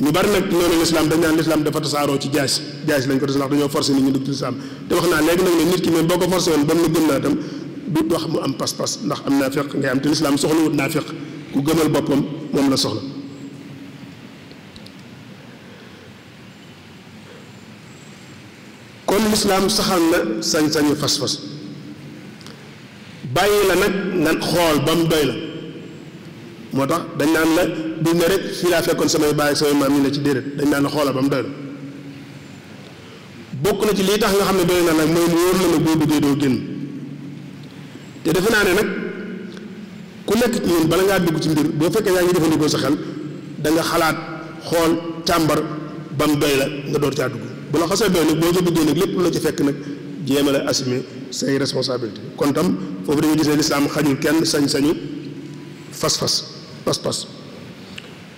ñu bari nag noonu lislaam dañ naan lislaam dafa tasaaroo ci jaas jaas lañ ko tas ndax dañoo forcé nit ñi ne ci lislaam te wax naa léegi nag ne nit ki même boo ko forcé woon ba mu la gëm naa tam du wax mu am pas-pas ndax am naa feq ngay am te lislaam soxla wut naa feq ku gëmal boppam moom la soxla kon lislaam saxal na sañ-sañu fas-fas bàyyi la nag nga xool ba mu doy la moo tax dañ naan la duñ ne rek fii laa fekkoon samay bàyyi samay maam ñu ne ci déedéet dañ naan la xoola ba mu doy bokk na ci lii tax nga xam ne doy na nag mooy mu wóor la nag boo duggee doo génn te defe naa ne nag ku nekk ci ñun bala ngaa dugg ci mbir boo fekkee yaa ngi jëfandikoo sa xel danga xalaat xool càmbar ba mu doy la nga door caa dugg bu la xasee doy nag boo ca duggee nag lépp lu la ci fekk nag jéem a la assumer say responsabilité kon tam foofu dañuy gis ne lislaam xañul kenn sañ-sañu fas pas-pas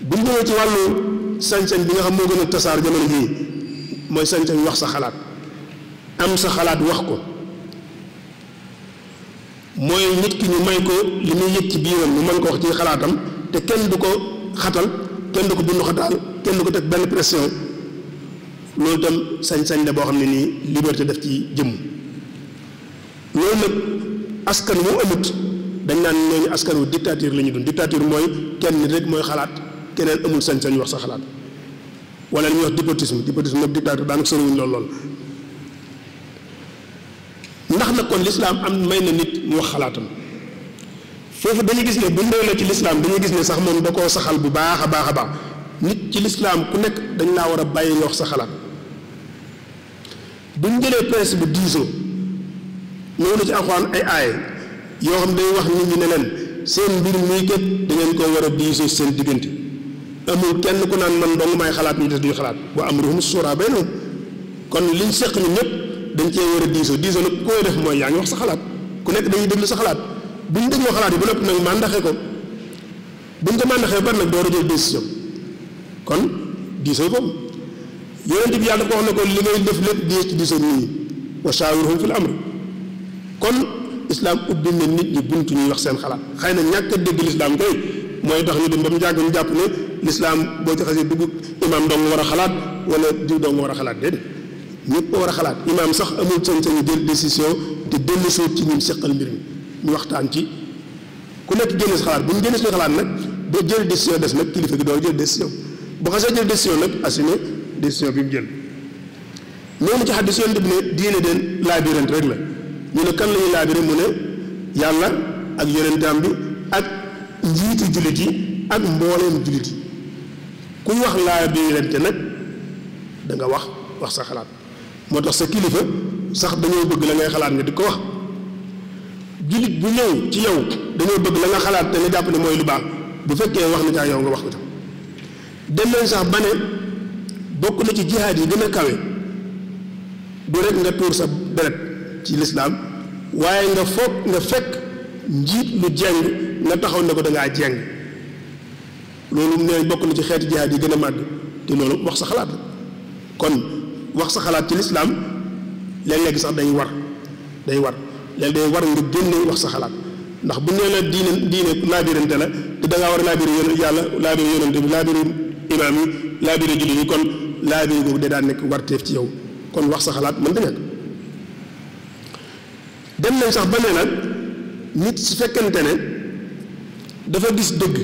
bu ñëwee ci wàllu sañ-sañ bi nga xam moo gën a tasaar jamono jii mooy sañ-sañ wax sa xalaat am sa xalaat wax ko mooy nit ki ñu may ko li muy yëg ci biiram mu mën ko wax ci xalaatam te kenn du ko xatal kenn du ko bundu xataal kenn du ko teg benn pression loolu itam sañ-sañ la boo xam ne nii liberté def ci jëmm loolu nag askan wu amut dañ naan ñooñu askan wu dictature la ñu dund dictature mooy kenn nit rek mooy xalaat keneen amul sañ-sañ wax sa xalaat wala li ñuy wax despotisme despotisme nag dictature daanaka soriwuñ lool lool ndax nag kon lislaam am may na nit mu wax xalaatam foofu dañuy gis ne bu ndoo la ci lislaam dañuy gis ne sax moom da koo saxal bu baax a baax a baax nit ci lislaam ku nekk dañ laa war a bàyyi nga wax sa xalaat buñ jëlee principe bu diisoo ñëw na ci alxuraan ay aaye yoo xam day wax nit ñi ne leen seen mbir mii kat da ngeen koo war a diisoo seen diggante amul kenn ku naan man dong may xalaat ñu des duñu xalaat wa amruhum suuraa baynahum kon liñ seq ñun ñëpp dañ cee war a diisoo diisoo nag koo def mooy yaa ngi wax sa xalaat ku dañuy déglu sa bu ñu dégloo xalaat yi ba noppi nag màndaxee ko bu ñu ko màndaxee nag door a décision kon diisoo boobu yonent yàlla ko wax ne li ngay def lépp diis ci diisoo nit ñi wa shaawirhum fil amr kon islam ubbil na nit ñi buntu ñuy wax seen xalaat xëy na ñàkk a dégg lislaam koy mooy tax ñu dem ba mu jàgg ñu jàpp ne lislaam boo ci xasee dugg imaam dong war a xalaat wala diw dong war a xalaat déedéet ñëpp war a xalaat imaam sax amul sañ-sañu jël décision te dellu suut ci ñun seqal mbir mi ñu waxtaan ci ku nekk génne si bu ñu génne suñu xalaat nag ba jël décision des nag kilifa gi doon jël décision bu xasee jël décision nag assumé décision bi mu jël noonu ci xaddis yoon bi ne diine den laabirante rek la ñu ne kan la bi laabire mu ne yàlla ak yonentam bi ak njiitu jullit yi ak mbooleem jullit yi ku wax laa laabirante nag da nga wax wax sa xalaat moo tax sa kilifa sax dañoo bëgg la ngay xalaat nga di ko wax jullit bu ñëw ci yow dañoo bëgg la nga xalaat te nga jàpp ne mooy lu baax bu fekkee wax na caa yow nga wax ko tam dem sax ba ne bokk na ci jihaad yi gën a kawe du rek nga tuur sa deret ci lislaam waaye nga foog nga fekk njiit lu jeng nga taxaw ne ko dangaa jeng loolu ne bokk na ci xeeti jihaad yi gën a màgg te loolu wax sa xalaat la kon wax sa xalaat ci lislaam léeg-léeg sax day war day war léeg day war nga génne wax sa xalaat ndax bu nee la diine diine laabirante la te da ngaa war a laabiri yoon yàlla laabiri yonante bi laabiri imaam yi kon laabiri googu da daan nekk warteef ci yow kon wax sa xalaat mën da nekk dem nañ sax ba ne nag nit su fekkente ne dafa gis dëgg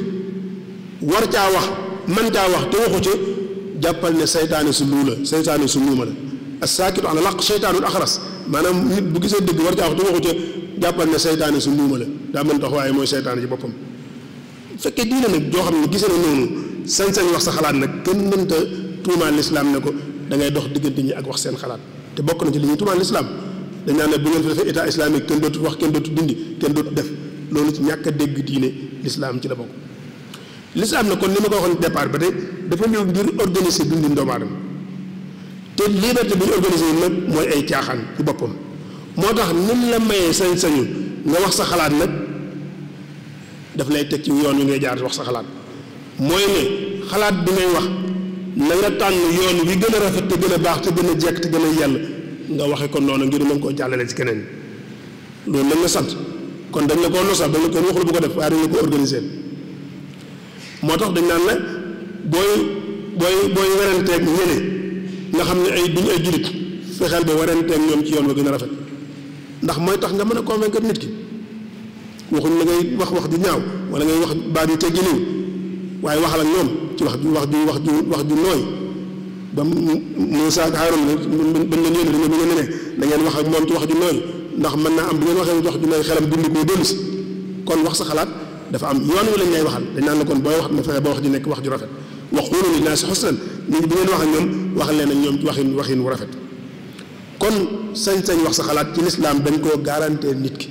war caa wax man caa wax te waxu ca jàppal ne seytaane su luu la seytaane su luuma la as-saakitu ala laq seytaanul axras maanaam nit bu gisee dëgg war caa wax te waxu ca jàppal ne seytaane su luuma la daa mën tax waaye mooy seytaane ci boppam fekkee diine nag joo xam ne gisee na noonu sañ-sañ wax sa xalaat nag kenn mënta tuumaal lislaam ne ko da ngay dox diggante ñi ak wax seen xalaat te bokk na ci li ñuy tuumaal lislaam dañ naan ne bu ngeen fi defee état islamique kenn dootu wax kenn dootu dindi kenn dootu def loolu ci ñàkk a dégg diine lislaam ci la bokk. lislaam na kon li ma ko waxoon départ ba de dafa ñëw ngir organiser dundu doomu aadama te liberté bi ñu mooy ay caaxaan ci moo tax nim la mayee sañ-sañu nga wax sa xalaat nag daf lay teg ci yoon wi ngay jaar wax sa xalaat mooy ne xalaat bi ngay wax na tànn yoon wi gën a rafet te gën a baax te gën a jekk te gën a yell nga waxe ko noonu ngir mën koo jàllale ci keneen loolu dañ la sant kon dañ la koo nosal dañ la koo waxul bu ko def waaye dañ la moo tax dañ naan la booy booy booy weranteeg ñële nga xam ne ay duñ ay jullit fexeel ba weranteeg ñoom ci yoon wa gën a rafet ndax mooy tax nga mën a convaincre nit ki waxuñ la ngay wax wax ju ñaaw wala ngay wax baat yu teggi niw waaye waxal ak ñoom ci wax ju wax ju wax ju wax ju nooy ba Moussa ak Haroun la ba ñu leen yónni dañoo ne da ngeen wax ak moom ci wax ju nooy ndax mën naa am bu ngeen waxee wax ju nooy xelam dund koo dellu si kon wax sa xalaat dafa am yoon wu lañ lay waxal dañ naan na kon booy wax na fexe ba wax ji nekk wax ju rafet waqulu linnaasi husnan nit ñi bu ngeen wax ñoom wax leen ak ñoom wu rafet kon sañ-sañ wax sa xalaat ci lislaam dañ koo garantir nit ki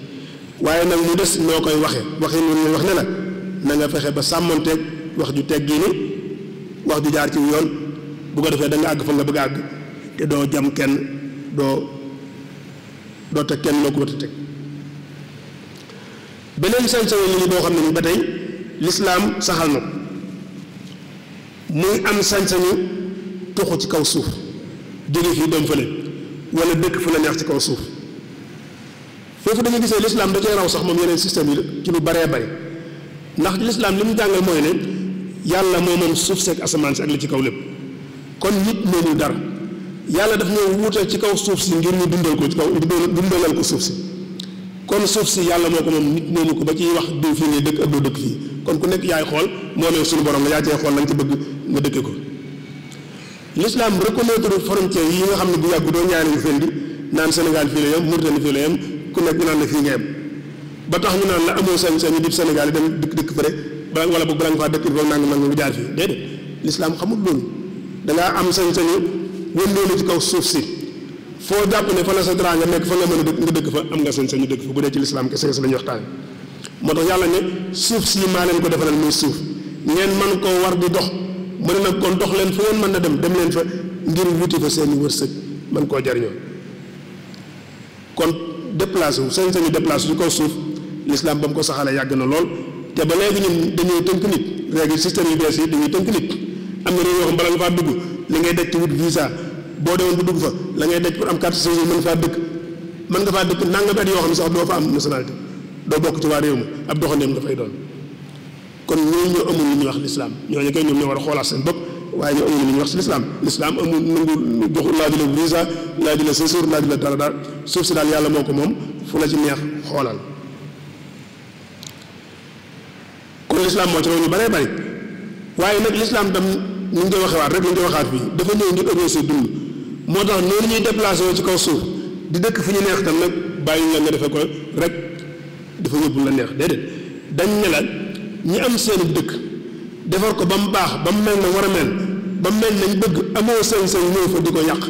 waaye nag mu des noo koy waxee waxin wu ñu wax ne la na nga fexe ba sàmmoon sàmmonteeg wax ju teggi ni wax ju jaar ci yoon bu ko defee da àgg fa nga bëgg a àgg te doo jam kenn doo teg kenn loo ko wata teg beneen sañ-sañu nit boo xam ne ni ba tey lislaam saxal na ko muy am sañ-sañu toxu ci kaw suuf jóge fii dem fële wala dëkk fu la neex ci kaw suuf foofu dañuy gisee lislaam da cee raw sax moom yeneen système yi ci lu baree bari ndax lislaam li mu jàngal mooy ne yàlla moo moom suuf seeg asamaan si ak li ci kaw lépp kon nit moomu dara yàlla daf ñoo wuute ci kaw suuf si ngir mu dundal ko ci kaw dundalal ko suuf si kon suuf si yàlla moo ko moom nit moomu ko ba ciy wax diw fii nii dëkk ak fii kon ku nekk yaay xool moomee suñu borom la yaa cee xool lañ ci bëgg nga dëkke ko l'islam reconnaître frontière yi nga xam ne bu yàgg doo ñaari nga fendi naan Sénégal fii la yem Mauritanie fii la yem ku nekk nga ba tax ñu naan la amoo sañ-sañu dib Sénégal yi dem dëkk dëkk fële wala boog bala nga faa dëkk il faut nangam nangam nga jaar fii déedéet l'islam xamul loolu dangaa am sañ-sañu wëndeelu ci kaw suuf si foo jàpp ne fa la sa nga nekk fa nga mën dëkk nga dëkk fa am nga sañ-sañu dëkk fa bu dee ci lislaam kese kese la ñuy waxtaan moo tax yàlla ne suuf si maa leen ko defaral muy suuf ngeen man koo war di dox mu ne nag kon dox leen fa ngeen mën na dem dem leen fa ngir wuti fa seen wërsëg man koo jariñoo kon déplacé wu sañ-sañu déplacé ci kaw suuf lislaam ba mu ko saxalee yàgg na lool te ba léegi ñun dañuy tënk nit léegi système yu bees yi dañuy tënk nit am na réew yoo xam bala nga faa dugg li ngay daj ci wut visa boo demoon bu dugg fa la ngay daj pour am carte séjour mën faa dëkk mën nga faa dëkk nangam at yoo xam ne sax doo fa am nationalité doo bokk ci waa réew mi ab doxandeem nga fay doon kon ñooñu ñoo amul lu lislaam ñooñu kay ñoom ñoo a xoolaat seen bopp waaye ñoo amul lu ñuy wax si lislaam lislaam amul nangu jox laaju la visa laaju moo ko moom fu la ci neex xoolal kon lislaam moo ci raw ñu baree waaye nag lislaam tam ni ñu koy waxee waat rek la ñu waxaat fii dafa ñëw ngir ëllëg sa dund moo tax noonu ñuy déplacé wu ci kaw suuf di dëkk fi ñu neex tam nag bàyyi la nga defee ko rek dafa yóbbu la neex de dañ ne la ñi am seen dëkk defar ko ba mu baax ba mu mel na war a mel ba mu mel nañ bëgg amoo sañ-sañ ñëw fa di ko yàq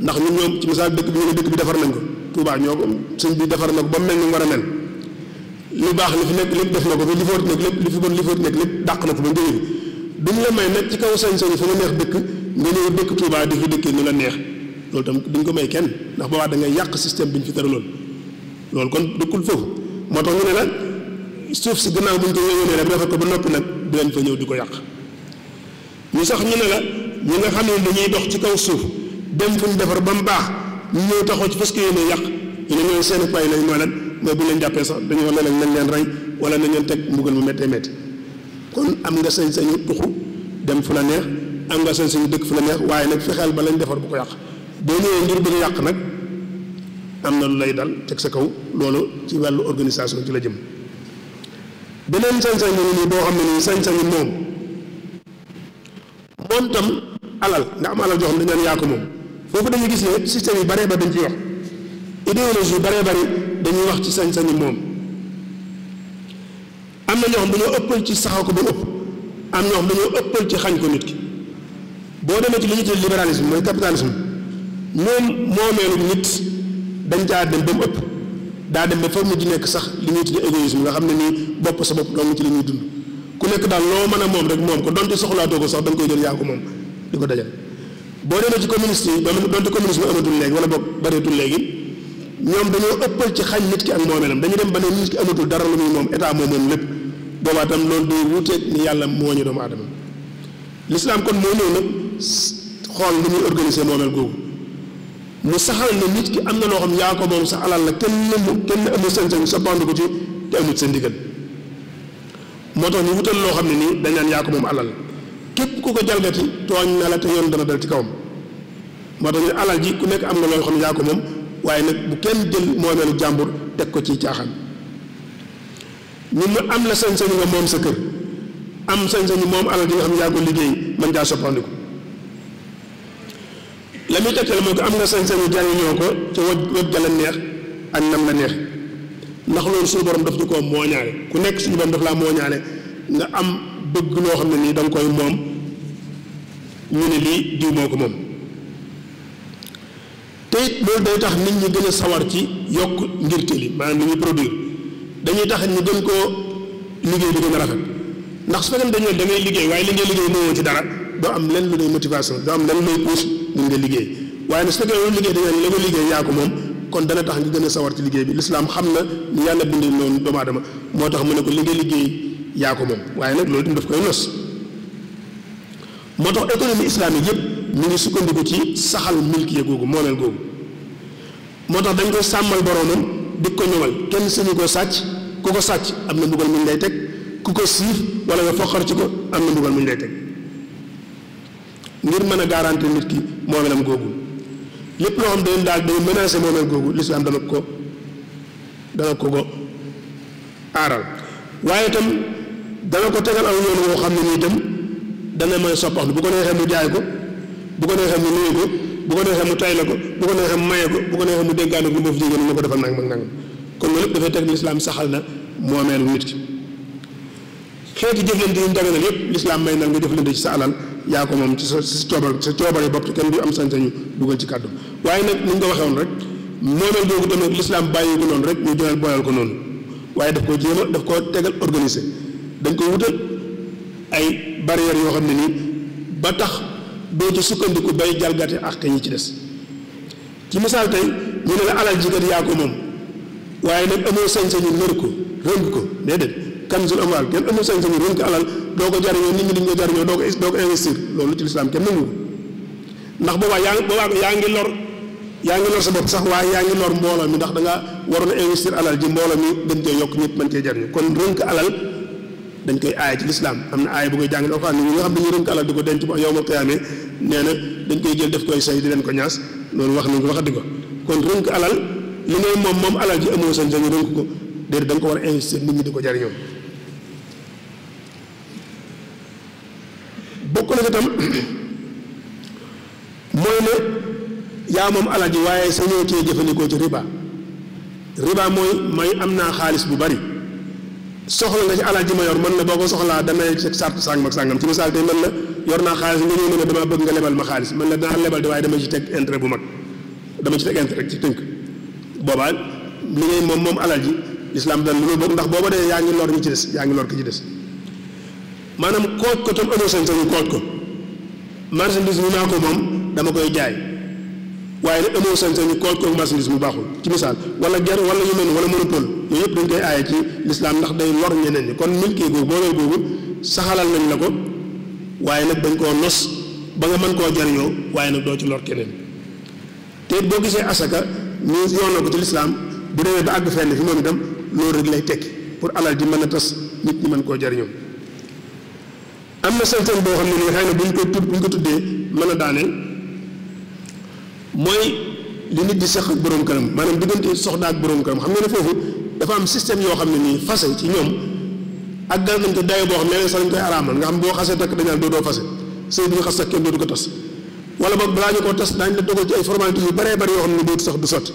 ndax ñun ñoom ci misaal dëkk bi ñu ne dëkk bi defar nañ ko Tuubaa ñoo ko sëñ bi defar na ko ba mu mel na war a mel lu baax li fi nekk lépp def na ko fi li foot nekk lépp li fi bon dàq na ko ba njëriñ duñ la may nag ci kaw sañ-sañ fu la neex dëkk nga ñëw dëkk Touba di fi dëkkee ni la neex loolu tam duñ ko may kenn ndax boobaa da ngay yàq système bi ñu fi tëraloon loolu kon dëkkul foofu moo tax ñu ne nag suuf si gannaaw bu ñu ko yónnee rek defar ko ba noppi nag dinañ fa ñëw di ko yàq ñu sax ñu ne la ñu nga xam ne dañuy dox ci kaw suuf dem fu ñu defar ba mu baax ñu ñëw taxaw ci fas yéene yàq ñu ne ñooy seen pay lañ mooy lan mooy bu ñu jàppee sax dañoo ne lañ nañ leen rey wala nañ leen teg mbugal mu mettee métti kon am nga sañ-sañu tuxu dem fu la neex am nga sañ-sañu dëkk fu la neex waaye nag fexeel ba lañ defar bu ko yàq boo ñëwee ngir bëgg yàq nag am na lu lay dal teg sa kaw loolu ci wàllu organisation ci la jëm beneen sañ-sañ mu nii boo ne nii sañ-sañu moom moom tam alal nga am alal joo xam ne dañu yaa ko moom foofu dañuy gis ne système yi baree ba dañ ci wax idéologie yu baree bari dañuy wax ci sañ-sañu moom am na ñoo xam dañoo ëppal ci saxaw ko ba ëpp am ñoo xam dañoo ëppal ci xañ ko nit ki boo demee ci li ñuy tuddee libéralisme mooy capitalisme moom moomeelu nit dañ caa dem ba mu ëpp daa dem ba fa mu nekk sax li ñuy tuddee égoïsme nga xam ne nii bopp sa bopp ci la ñuy dund ku nekk daal loo mën a moom rek moom ko donte soxlaatoo ko sax da nga koy jël yaa ko ko dajal boo demee ci communiste yi donte communisme amatul léegi wala boog bareetul léegi ñoom dañoo ëppal ci xañ nit ki ak moomeelam dañu dem ba ne nit ki amatul dara lu muy moom état moomoom lépp doomu aadama loolu day wuuteeg ni yàlla moo ñu doomu aadama lislaam kon moo ñëw nag xool ni ñuy organiser moomeel googu mu saxal ne nit ki am na loo xam yaa ko moom sa alal la kenn kenn amul sañ ko ci te amul sa ñu wutal loo xam ne nii dañ naan yaa ko moom alal képp ku ko jalgati tooñ na la te yoon dana dal ci kawam moo tax ñu alal ji ku nekk am na loo xam yaa ko moom waaye nag bu kenn jël moomeelu jàmbur teg ko ci caaxaan. ni mu am na sañ-sañu nga moom sa kër am sañ-sañu moom alal di nga xam ne yaa ko liggéey mën jaa soppandiku la muy tegtale am nga sañ-sañu jariñoo ko ca waj waj ga neex ak nam la neex ndax loolu suñu borom daf ñu koo mooñaale ku nekk suñu borom daf laa mooñaale nga am bëgg loo xam ne nii da nga koy moom ñu ne lii diw moo ko moom te it loolu day tax nit ñi gën a sawar ci yokk ngir tëli maanaam li ñuy produire dañuy tax ñu gën koo liggéey bi gën a rafet ndax su fekkee dañoo dangay liggéey waaye li ngay liggéey moo ci dara doo am lenn lu motivation doo am lenn lay pousse mun nga liggéey waaye nag su fekkee loolu liggéey dañoo la nga liggéey yaa tax ñu gën a sawar ci liggéey xam na ñu yàlla bind noonu doomu moo tax mu ne ko li nga liggéey yaa ko waaye nag loolu itam daf koy nos moo tax économie islamique yëpp mu ngi sukkandiku ci saxal milkiya googu moomeel googu moo tax dañ ko sàmmal boroomam di ko ñoŋal kenn sañu koo sàcc ku ko sàcc am na mbugal mu ñu lay teg ku ko siif wala nga foqar ci ko am na mbugal mu ñu lay teg ngir mën a garantir nit ki moomelam googu lépp loo xam dañu daal dañu menacer moomeel googu lislaam ko dana ko ko aaral ko tegal aw yoon woo xam ne nii dem dana mën a soppaxlu bu ko neexee mu jaay ko bu ko neexee mu nuyu ko bu ko neexee mu tay ko bu ko neexee mu maye ko bu ko neexee mu déggaane ko mu def jigéen ñi ko defal nangam ak nangam kon loolu lépp dafay teg lislaam saxal na moomeelu nit ki xeeti jëflante yi ñu na yëpp lislaam may na nga jëflante ci sa alal yaa ko moom ci sa sa coobar sa coobare bopp kenn du am sañ-sañu dugal ci kàddu waaye nag ni ñu ko waxee woon rek moomeel googu tamit lislaam bàyyi ko noonu rek ñu jëlal booleel ko noonu waaye daf ko jéema daf ko tegal organisé dañ ko wutal ay barrières yoo xam ne nii ba tax boo ci sukkandiku bay jalgate ak ñi ci des ci misaal tey ne la alal ji kat yaa waaye nag amoo sañ-sañu lër ko rënk ko déedéet kanzul amwaal kenn amoo sañ-sañu rënk alal doo ko jariñoo nit ñi duñ ko jariñoo doo ko doo ko investir loolu ci lislaam kenn nangu ndax boobaa yaa boobaa yaa ngi lor yaa ngi lor sa bopp sax waaye yaa ngi lor mbooloo mi ndax da ngaa waroon a investir alal ji mbooloo mi dañ cee yokk ñëpp mën cee jariñu kon rënk alal dañ koy aaya ci lislaam am na aaya bu koy jàngale alxuraan ñi nga xam dañuy rënk alal di ko denc ba yowmal qiyaamee nee na dañ koy jël def koy say di leen ko ñaas loolu wax nañ ko waxati ko kon rënk alal li ngay moom moom alal ji amoo sañ sañu dénk ko déedéet da nga ko war a investir nit ñi di ko jariñoo bokk na itam [COUGHS] mooy ne yaa moom alal ji waaye sañoo cee jëfandikoo ci riba riba mooy may am naa xaalis bu bari soxla nga ci alal ji ma yor mën la boo ko soxlaa damay sart sàngam ak sàngam ci misaal tey mën la yor naa xaalis nga ñëw ne na dama bëgg nga lebal ma xaalis mën la danaa lebal di waaye dama ci teg intérêt bu mag dama ci teg intérêt ci tënk boobaa liggéey moom moom alal ji lislaam dana lu bokk ndax booba dee yaa ngi lor ñi ci des yaa ngi lor ki ci des maanaam kooj ko tam amoo sañ-sañu kooj ko marchandise mu naa moom dama koy jaay waaye nag amoo sañ-sañu kooj ko marchandise mu baaxul ci misaal wala ger wala yu mel wala monopole yooyu yëpp dañ koy aaye ci lislaam ndax day lor ñeneen yi kon milkee googu boobee googu saxalal nañ la ko waaye nag dañ koo nos ba nga mën koo jariñoo waaye nag doo ci lor keneen te boo gisee asaka ñu yoonoo ko ci lislaam bu demee ba àgg fenn fi moom itam loolu rek lay tekki pour alal ji mën a tas nit ñi mën koo jariñoo am na santeen boo xam ne nii xëy na buñ ko tudd buñ ko tuddee mën a daaneel mooy li nit di seq ak borom këram maanaam diggante soxna ak borom këram xam nga ne foofu dafa am système yoo xam ne nii fase ci ñoom ak gal nañ ko dayo boo xam ne sax dañ koy araamal nga xam boo xasee takk dañaan doo doo fase sëy bi xas sax kenn dootu ko tas wala boog balaa ñu ko tas daañu la dogal ci ay formalité yu baree bari yoo xam ne dootu sax du sotti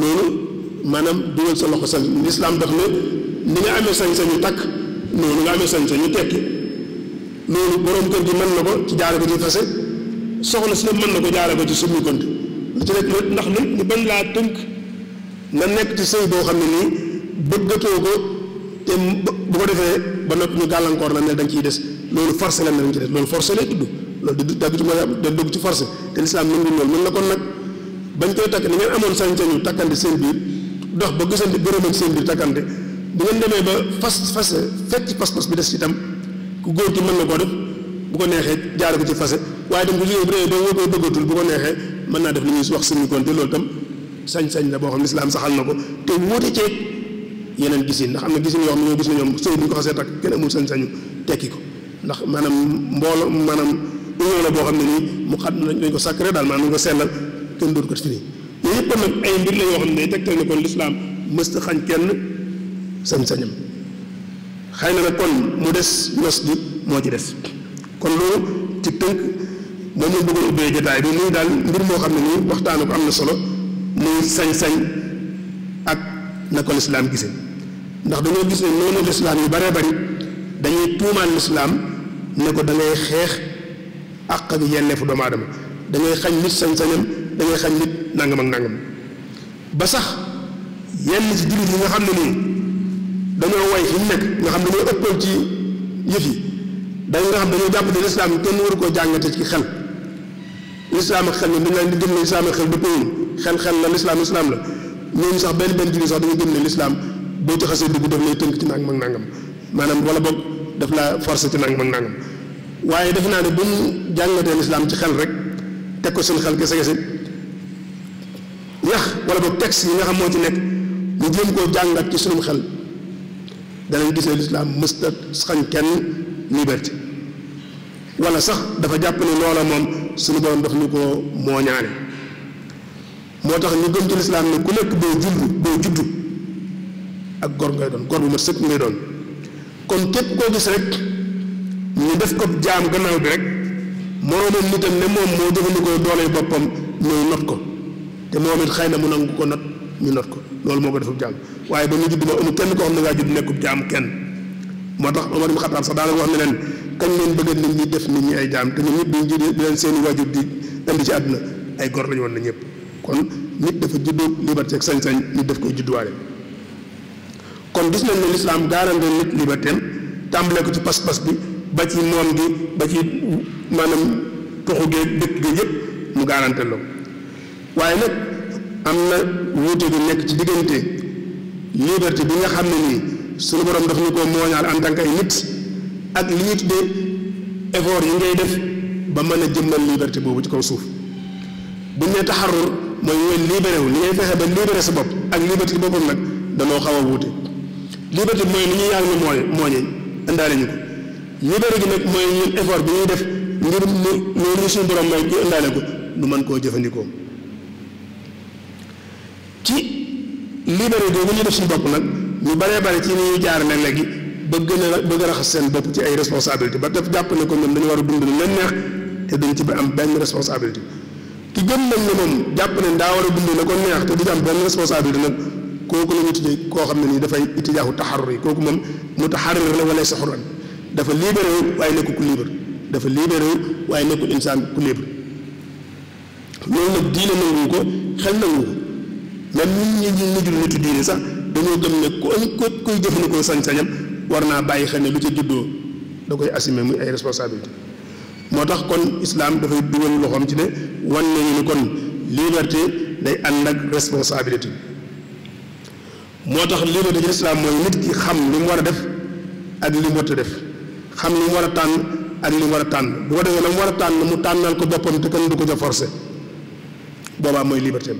loolu maanaam dugal sa loxo sa lislaam daf ne ni nga amee sañ-sañu takk noonu nga amee sañ-sañu tekki loolu borom kër gi mën na ko ci jaare ko ci fase soxna si ne mën na ko jaare ko ci summi kont lu ci nekk ndax lu ñu bañ laa tënk nga nekk ci sëy boo xam ne nii bëggatoo ko te bu ko defee ba noppi ñu gàllankoor la ne dañ ciy des loolu forcé la ne dañ ci des loolu di dàgg ci mooy da dugg ci force te lislaam nangu loolu mën na kon nag bañ koy takk ni ngeen amoon sañ-sañu na koo def bu ko neexee jaare bu jógee bu dee ba woo koy ko neexee mën naa def li ñuy wax sëriñ kon te loolu itam sañ-sañ la boo xam na ko te wóote ceeg yeneen gisin ndax na gisin yoo xam ne ñoo gis ne ñoom sëy bu ñu tekki ko ndax maanaam mbooloo maanaam réew la boo xam ne nii mu xam dañ ko sacré daal maanaam dañ ko sellal kenn doon ko firi yooyu yëpp nag ay mbir la yoo xam ne tegtal ne kon lislaam mësta xañ kenn sañ-sañam xëy na nag kon mu des nos gi moo ci des kon loolu ci tënk moom ubbee jotaay bi muy daal mbir moo xam ne nii waxtaanu ko am na solo muy sañ-sañ ak na ko lislaam gise ndax dañoo gis ne noonu lislaam yu baree bari dañuy tuumaan lislaam ne ko da xeex àq bi yelleefu doomu aadama da ngay xañ nit sañ-sañam da ngay xañ nit nangam ak nangam ba sax yenn ci jullit yi nga xam ne nii dañoo way fi ñu nekk nga xam dañoo ëppal ci yëf yi dañ nga xam dañoo jàpp ne lislaam kenn waru koo jàngate ci xel lislaam ak xel ñoom dañ leen di gëm ne lislaam ak xel dëppawul xel xel la lislaam lislaam la ñooñu sax benn benn jullit sax dañu gëm ne lislaam boo ci xasee dugg daf lay tënk ci nangam ak nangam maanaam wala boog daf laa forcé ci nangam ak nangam waaye defe naa ne buñ jàngatee lislaam ci xel rek teg ko seen xel kese kese yax wala boog texte yi nga xamoo ci nekk ñu jéem koo jàngat ci sunum xel danañ gis ne lislaam mësta xañ kenn liberté wala sax dafa jàpp ne loola moom suñu borom daf ñu ko mooñaane moo tax ñu gëm ci lislaam ne ku nekk boo juddu boo juddu ak gor ngay doon gor bu mat sëkk ngay doon kon képp koo gis rek ñu def ko jaam gannaaw bi rek moroomam nitam ne moom moo jëfandikoo doolee boppam ñëw not ko te moom it xëy na mu nangu ko not ñu not ko loolu moo ko defub jaam waaye ba ñu judd ma amul kenn koo xam ne ngaa judd nekkub jaam kenn moo tax Omar ibn Khattab sax daanaka wax ne leen kañ leen bëgg nit ñi def nit ñi ay jaam te ñun ñëpp ñu judd di leen seen i waajur di indi ci ay gor lañu woon na kon nit dafa juddu liberté ak sañ-sañ nit daf koy judduwaale kon gis nañ ne lislaam gaarante nit liberté tàmbale ko ci pas-pas bi ba ci noon gi ba ci maanaam toxu gee dëkk ga yëpp mu garanté la waaye nag am na wuute gu nekk ci diggante liberté bi nga xam ne nii suñu borom daf ñu ko mooñaal en tant que ay nit ak li ñuy tuddee effort yi ngay def ba mën a jëmmal liberté boobu ci kaw suuf bu ñu nee taxarur mooy wéy libéré wu li ngay fexe ba libéré sa bopp ak liberté boppam nag danoo xaw a wuute liberté bi mooy li ñuy yàgg mooy mooñee indaale ñu ko libéré gi nag mooy ñun effort bi ñuy def ngir mu loolu suñu borom may ñu indaale ko nu mën koo jëfandikoo ci libéré googu ñu def suñu bopp nag ñu baree bare ci ni ñuy jaar nag léegi bëgg na bëgg raxas seen bopp ci ay responsabilité ba def jàpp ne ko ñoom dañu war a dund neex te dañ ci ba am benn responsabilité ki gëm nañ ne moom jàpp ne daa war a dund la ko neex te du ci am benn responsabilité nag kooku la ñu koo xam ne nii dafay itijaaxu taxarur yi kooku moom mu taxarur la wala saxuran dafa libéré wu waaye nekkul dafa libéré waaye nekkul insaan ku libre loolu ko xel nanguwu ko même ñun ñu dañoo gëm ne ku am ko koy jëfandikoo sañ-sañam war naa bàyyi xel ne lu ca juddoo da koy assumer muy ay responsabilité moo tax kon islam dafay dugal loxoom ci ne wan nañu ni kon liberté day ànd ak responsabilité moo tax liberté ci islam mooy nit ki xam li mu war a def ak li mu war a def xam li mu war a tànn ak li mu war a tànn bu ko mu war a tànn mu tànnal ko boppam te kenn du ko ca forcé boobaa mooy liberté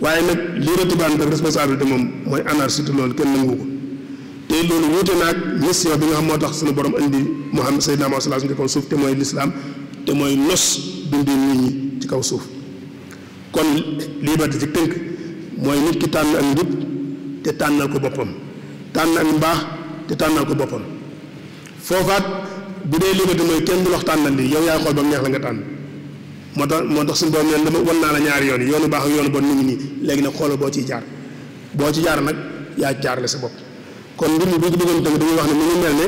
waaye nag liberté bu ànd ak responsabilité moom mooy anarchie loolu kenn nangu ko te loolu wuute naag mission bi nga xam moo tax suñu borom indi Muhammad Seydina Muhammad sallallahu alayhi wasallam ci kaw suuf te mooy lislaam te mooy nos dundin nit ñi ci kaw suuf kon liberté ci tënk mooy nit ki tànn ak njub te tànnal ko boppam tànn ak mbaax te tànnal ko boppam foofaat bu dee liberté mooy kenn du wax tànnal lii yow yaay xool ba neex la nga tànn moo tax moo tax suñu borom neen dama wan naa la ñaari yoon yoonu baax ak yoonu bon ni ngi nii léegi nag xoolal boo ciy jaar boo ci jaar nag yaa jaarale sa bopp kon mbir mi bu ñu ko bëggoon tënk dañuy wax ne mu mel ne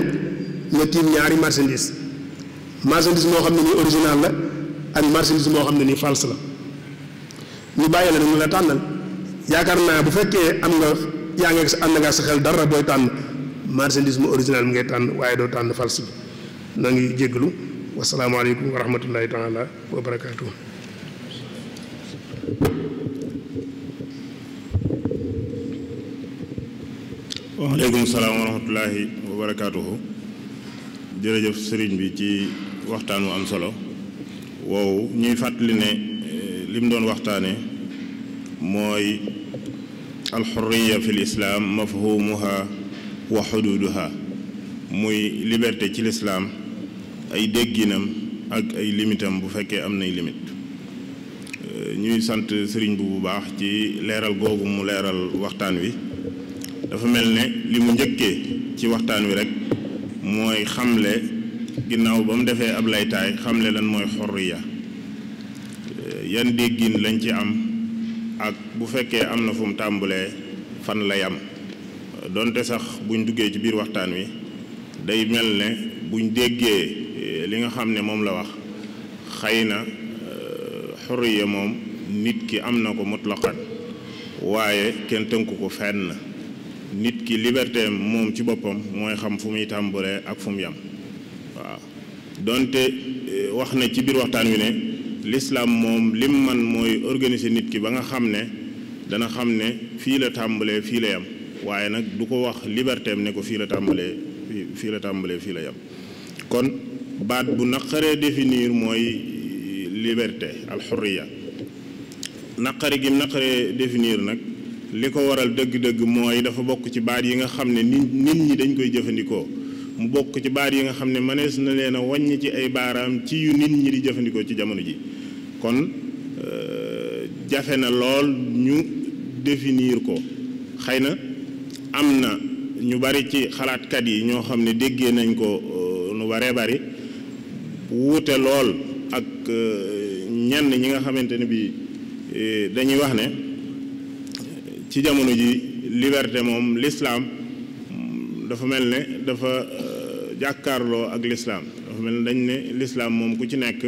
nga tiim ñaari marchandise marchandise moo xam ne nii original la ak marchandise moo xam ne nii false la ñu bàyyi la nag la tànnal yaakaar naa bu fekkee am nga yaa ngi ànd nga xel dara booy tànn marchandise mu original mi ngay tànn waaye doo tànn false bi ngi jégalu wasalaamaaleykum wa rahmatullahi taala wa barakaatu. waaleykum salaam wa rahmatullahi jërëjëf sëriñ bi ci waxtaan wu am solo wow ñuy fàttali ne eh, li doon waxtaane mooy alxurriya fi l islaam mafhumuha wa xuduuduha muy liberté ci lislaam ay dégginam ak ay limitam bu fekkee am nay limite euh, ñuy sant sëriñ bu bu baax ci leeral googu mu leeral waxtaan wi dafa mel ne li mu njëkkee ci waxtaan wi rek mooy xamle ginnaaw ba mu defee ab laytaay xamle lan mooy xorriya euh, yan déggin lañ ci am ak bu fekkee am na fu mu tàmbulee fan la yam donte sax buñ duggee ci biir waxtaan wi day mel ne buñ déggee eh, li nga xam ne moom la wax xëy na eh, xurriya moom nit ki am na ko mutlaqan waaye kenn tënku ko fenn nit ki liberté moom ci boppam mooy xam fu muy tàmbalee ak fu yam waaw donte eh, wax na ci biir waxtaan wi ne lislaam moom lim man mooy organise nit ki ba nga xam ne dana xam ne fii la tàmbalee fii la yam waaye nag du ko wax liberté ne ko fii la tàmbalee fii la tàmbalee fii la yem kon baat bu naqaree definiir mooy liberté alxurriya naqari gi naqaree definiir nag li ko waral dëgg-dëgg mooy dafa bokk ci baat yi nga xam ne nit nit ñi dañ koy jëfandikoo mu bokk ci baat yi nga xam ne mënees na leen a wàññi ci ay baaraam ci yu nit ñi di jëfandikoo ci jamono ji kon euh, jafe na lool ñu définir ko xëy na am na ñu bari ci xalaatkat yi ñoo xam ne déggee nañ ko nu euh, baree bari wuute lool ak euh, ñenn ñi nga xamante ne bi euh, dañuy wax ne ci jamono ji liberté moom lislaam dafa mel ne dafa jàkkaarloo ak lislaam dafa mel ne dañ ne lislaam moom ku ci nekk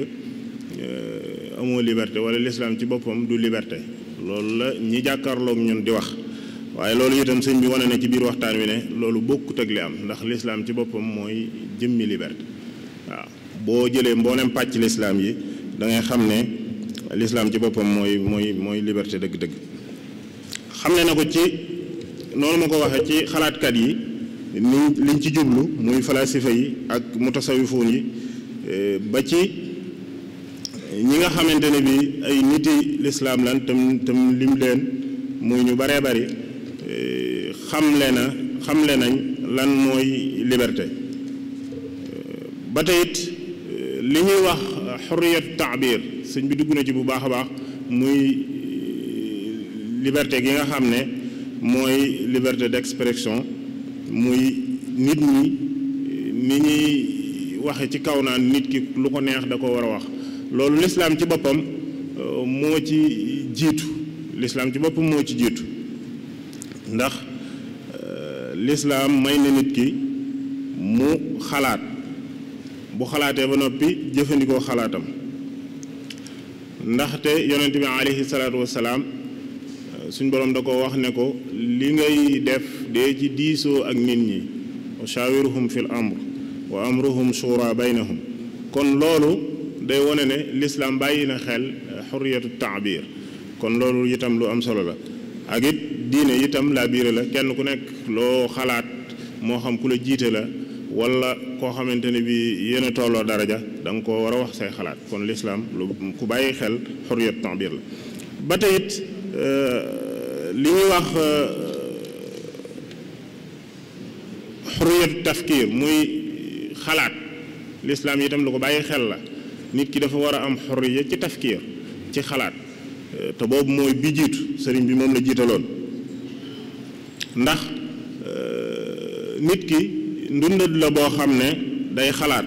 amoo liberté wala lislaam ci boppam du liberté loolu la ñi jàkkaarloog ñun di wax waaye loolu itam sëñ bi wane na ci biir waxtaan wi ne loolu bokkut ak li am ndax lislaam ci boppam mooy jëmmi liberté waaw boo jëlee mboolem pàcc lislaam yi dangay xam ne lislaam ci boppam mooy mooy mooy liberté dëgg-dëgg xam ne na ko ci noonu ma ko waxee ci xalaatkat yi ni liñ ci jublu muy falasifa yi ak mutasawifuun yi eh, ba ci ñi nga xamante ne bi ay niti lislaam lan tam tam lim leen muy ñu baree bari xamle na xamle nañ lan mooy liberté ba tey li ñuy wax xurriyat taabir sëñ bi dugg na ci bu baax a baax muy liberté gi nga xam ne mooy liberté d'expression muy nit ñi ni ñuy waxe ci kaw naan nit ki lu ko neex da ko war a wax loolu lislaam ci boppam moo ci jiitu lislaam ci boppam moo ci jiitu ndax euh, lislaam may na nit ki mu xalaat bu xalaatee ba noppi jëfandikoo xalaatam ndaxte yonent bi aleyhi salaatu wasalaam euh, suñ borom da ko wax ne ko li ngay def dee ci diisoo ak nit ñi wa shaawiruhum fil amr wa amruhum shura baynahum kon loolu day wone ne lislaam bàyyi na xel euh, xurriyatu taabir kon loolu itam lu am solo la ak it diine itam laa biire la kenn ku nekk loo xalaat moo xam ku la jiite la wala koo xamante ne bi yéen a tolloo daraja da nga ko war a wax say xalaat kon lislaam lu ku bàyyi xel xurriyat ta'bir la ba tey it euh, li ñuy wax euh, xurriyat muy xalaat lislaam itam lu ko bàyyi xel la nit ki dafa war a am xurriya ci tafkir ci xalaat euh, te boobu mooy bi jiitu sëriñ bi moom la jiitaloon ndax euh, nit ki ndundal la boo xam ne day xalaat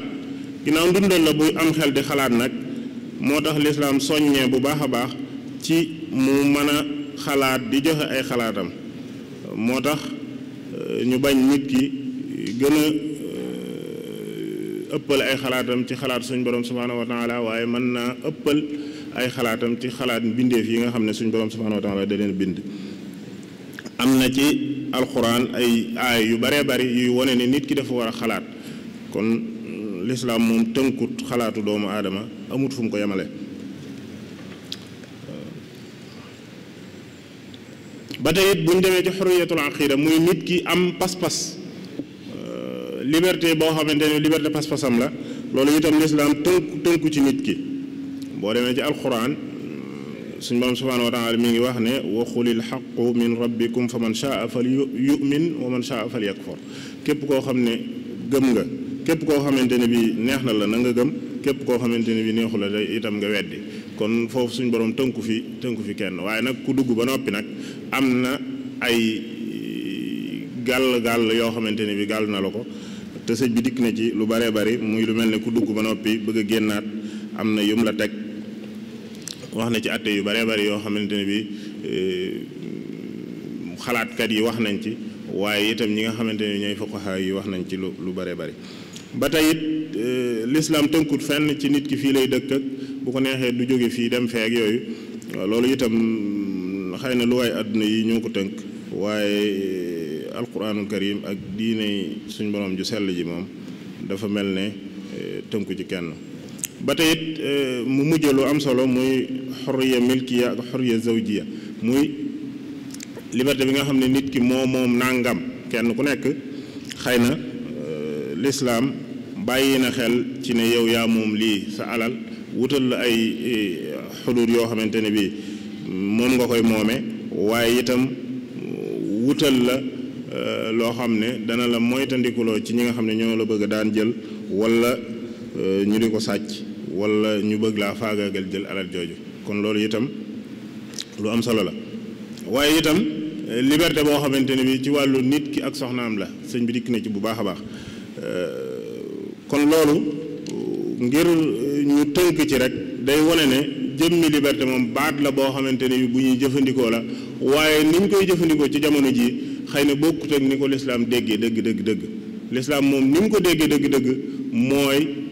ginnaaw ndundal la buy am xel di xalaat nag moo tax lislaam soññee bu baax a baax ci mu mën a xalaat di joxe ay xalaatam moo tax euh, ñu bañ nit ki gën a euh, ëppal ay xalaatam ci xalaat suñ borom subhaanahu wa taala waaye mën naa ëppal ay xalaatam ci xalaat mbindeef yi nga xam ne suñ borom subhaanahu wa taala da leen bind am na ci alxuraan ay aay yu baree bari yuy wane ne nit ki dafa war a xalaat kon lislaam moom tënkut xalaatu doomu aadama amut fu mu ko yemale ba te it bu ñu demee ci xurriyatul aqida muy nit ki am pas-pas euh, liberté boo xamante ne liberté pas-pasam la loolu itam lislaam tënku tënku ci nit ki boo demee ci alxuraan suñ borom subhaanahu wa taala mi ngi wax ne wa xulil xaqu min rabbikum fa man yu yu yumin wa man shaa fal yakfur képp koo xam ne gëm nga képp koo xamante ne bi neex na la nanga nga gëm képp koo xamante ne bi neexu la da itam nga weddi kon foofu suñ borom tënku fi tënku fi kenn waaye nag ku dugg ba noppi nag am na ay gàll gàll yoo xamante ne bi gàll na la ko te sëñ bi dikk na ci lu baree bari muy lu mel ne ku dugg ba noppi bëgg a génnaat am na yum la teg wax na ci atte yu bare bari yoo xamante ne bi eh, xalaatkat yi wax nañ ci waaye itam ñi nga xamante ne ñooy fuqaha yi wax nañ ci lu lu bare bari ba tey it eh, lislaam tënkut fenn ci nit ki fii lay dëkk ak bu ko neexee du jóge fii dem fee ak yooyu loolu itam xëy na lu waaye àdduna yi ñoo ko tënk waaye eh, alquranul karim ak diine suñ borom ju sell ji moom dafa mel ne tënku ci kenn ba tey it eh, mu mujj lu am solo muy xorriya milkiya ak xorriya zawjiya muy liberté bi nga xam ne nit ki moo moom nàngam kenn ku nekk xëy na eh, lislaam bàyyi na xel ci ne yow yaa moom lii sa alal wutal la ay eh, xuduud yoo xamante ne bii moom nga koy moome waaye itam wutal la loo xam ne dana la moytandikuloo ci ñi nga xam ne ñoo la bëgg daan jël walla ñu di ko sàcc wala ñu bëgg laa faagaagal jël alal jooju kon loolu itam lu am solo la waaye itam eh, liberté boo xamante ne bi ci wàllu nit ki ak soxnaam la sëñ bi dikk na ci bu baax a baax eh, kon loolu ngir eh, ñu tënk ci rek day wane ne jëmmi liberté moom baat la boo xamante ne bi bu ñuy jëfandikoo la waaye ni koy jëfandikoo ci jamono ji xëy na bokkut ak ni ko lislaam déggee dëgg dëgg dëgg lislaam moom ni ko déggee dëgg dëgg mooy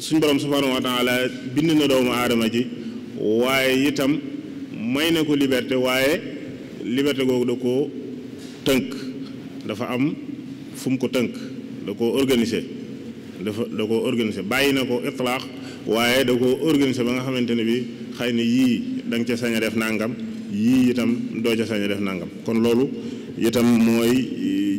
suñ borom subhanahu wa taala bind na doomu aadama ji waaye itam may na ko liberté waaye liberté googu da koo tënk dafa am fum ko tënk da ko organiser dafa da ko organiser bàyyi na ko itlaax waaye da ko organiser ba nga xamante ne bi xëy na yii dang nga ca sañ def nangam yii itam doo ca sañ def nangam kon loolu itam mooy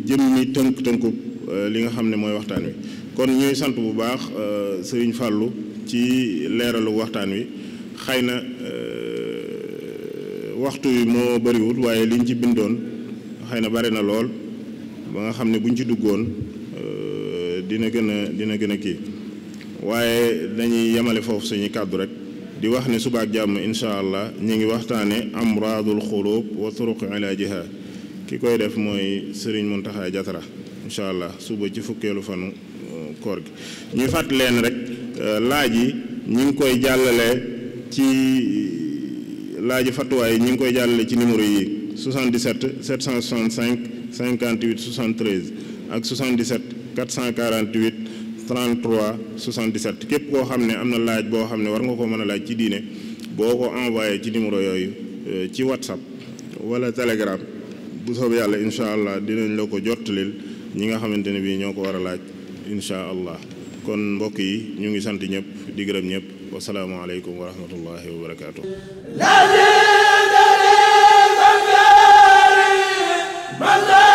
jëmmi tënk tënku euh, li nga xam ne mooy waxtaan wi kon ñuy sant bu baax euh, Serigne Fallou ci leeralu waxtaan wi xëy na euh, waxtu wi moo bëriwul waaye liñ ci bindoon xëy na bari na lool ba nga xam ne buñ ci duggoon euh, dina gën a dina gën a kii waaye dañuy yemale foofu suñuy kàddu rek di wax ne subaak jàmm incha allah ñu ngi waxtaane amraadul xuluub wa turuq ilaajiha ki koy def mooy Serigne Mountakha Diatara incha allah suba ci fukkeelu fanu koor gi ñuy fàtt leen rek euh, laaj yi ñu ngi koy jàllale ci laaj fattuwaay yi ñu ngi koy jàllale ci numéro yi 77 765 58 73 ak 77 448 33 77 képp koo xam ne am na laaj boo xam ne war nga ko mën a laaj ci diine boo ko envoyé ci numéro yooyu euh, ci whatsapp wala telegram bu soob yàlla incha allah dinañ la ko jottalil ñi nga xamante ne bii ñoo ko war a laaj incha allah kon mbokk yi ñu ngi sant ñëpp di gërëm ñëpp wasalaamualeykum wa rahmatullahi wa barakaatu. Banda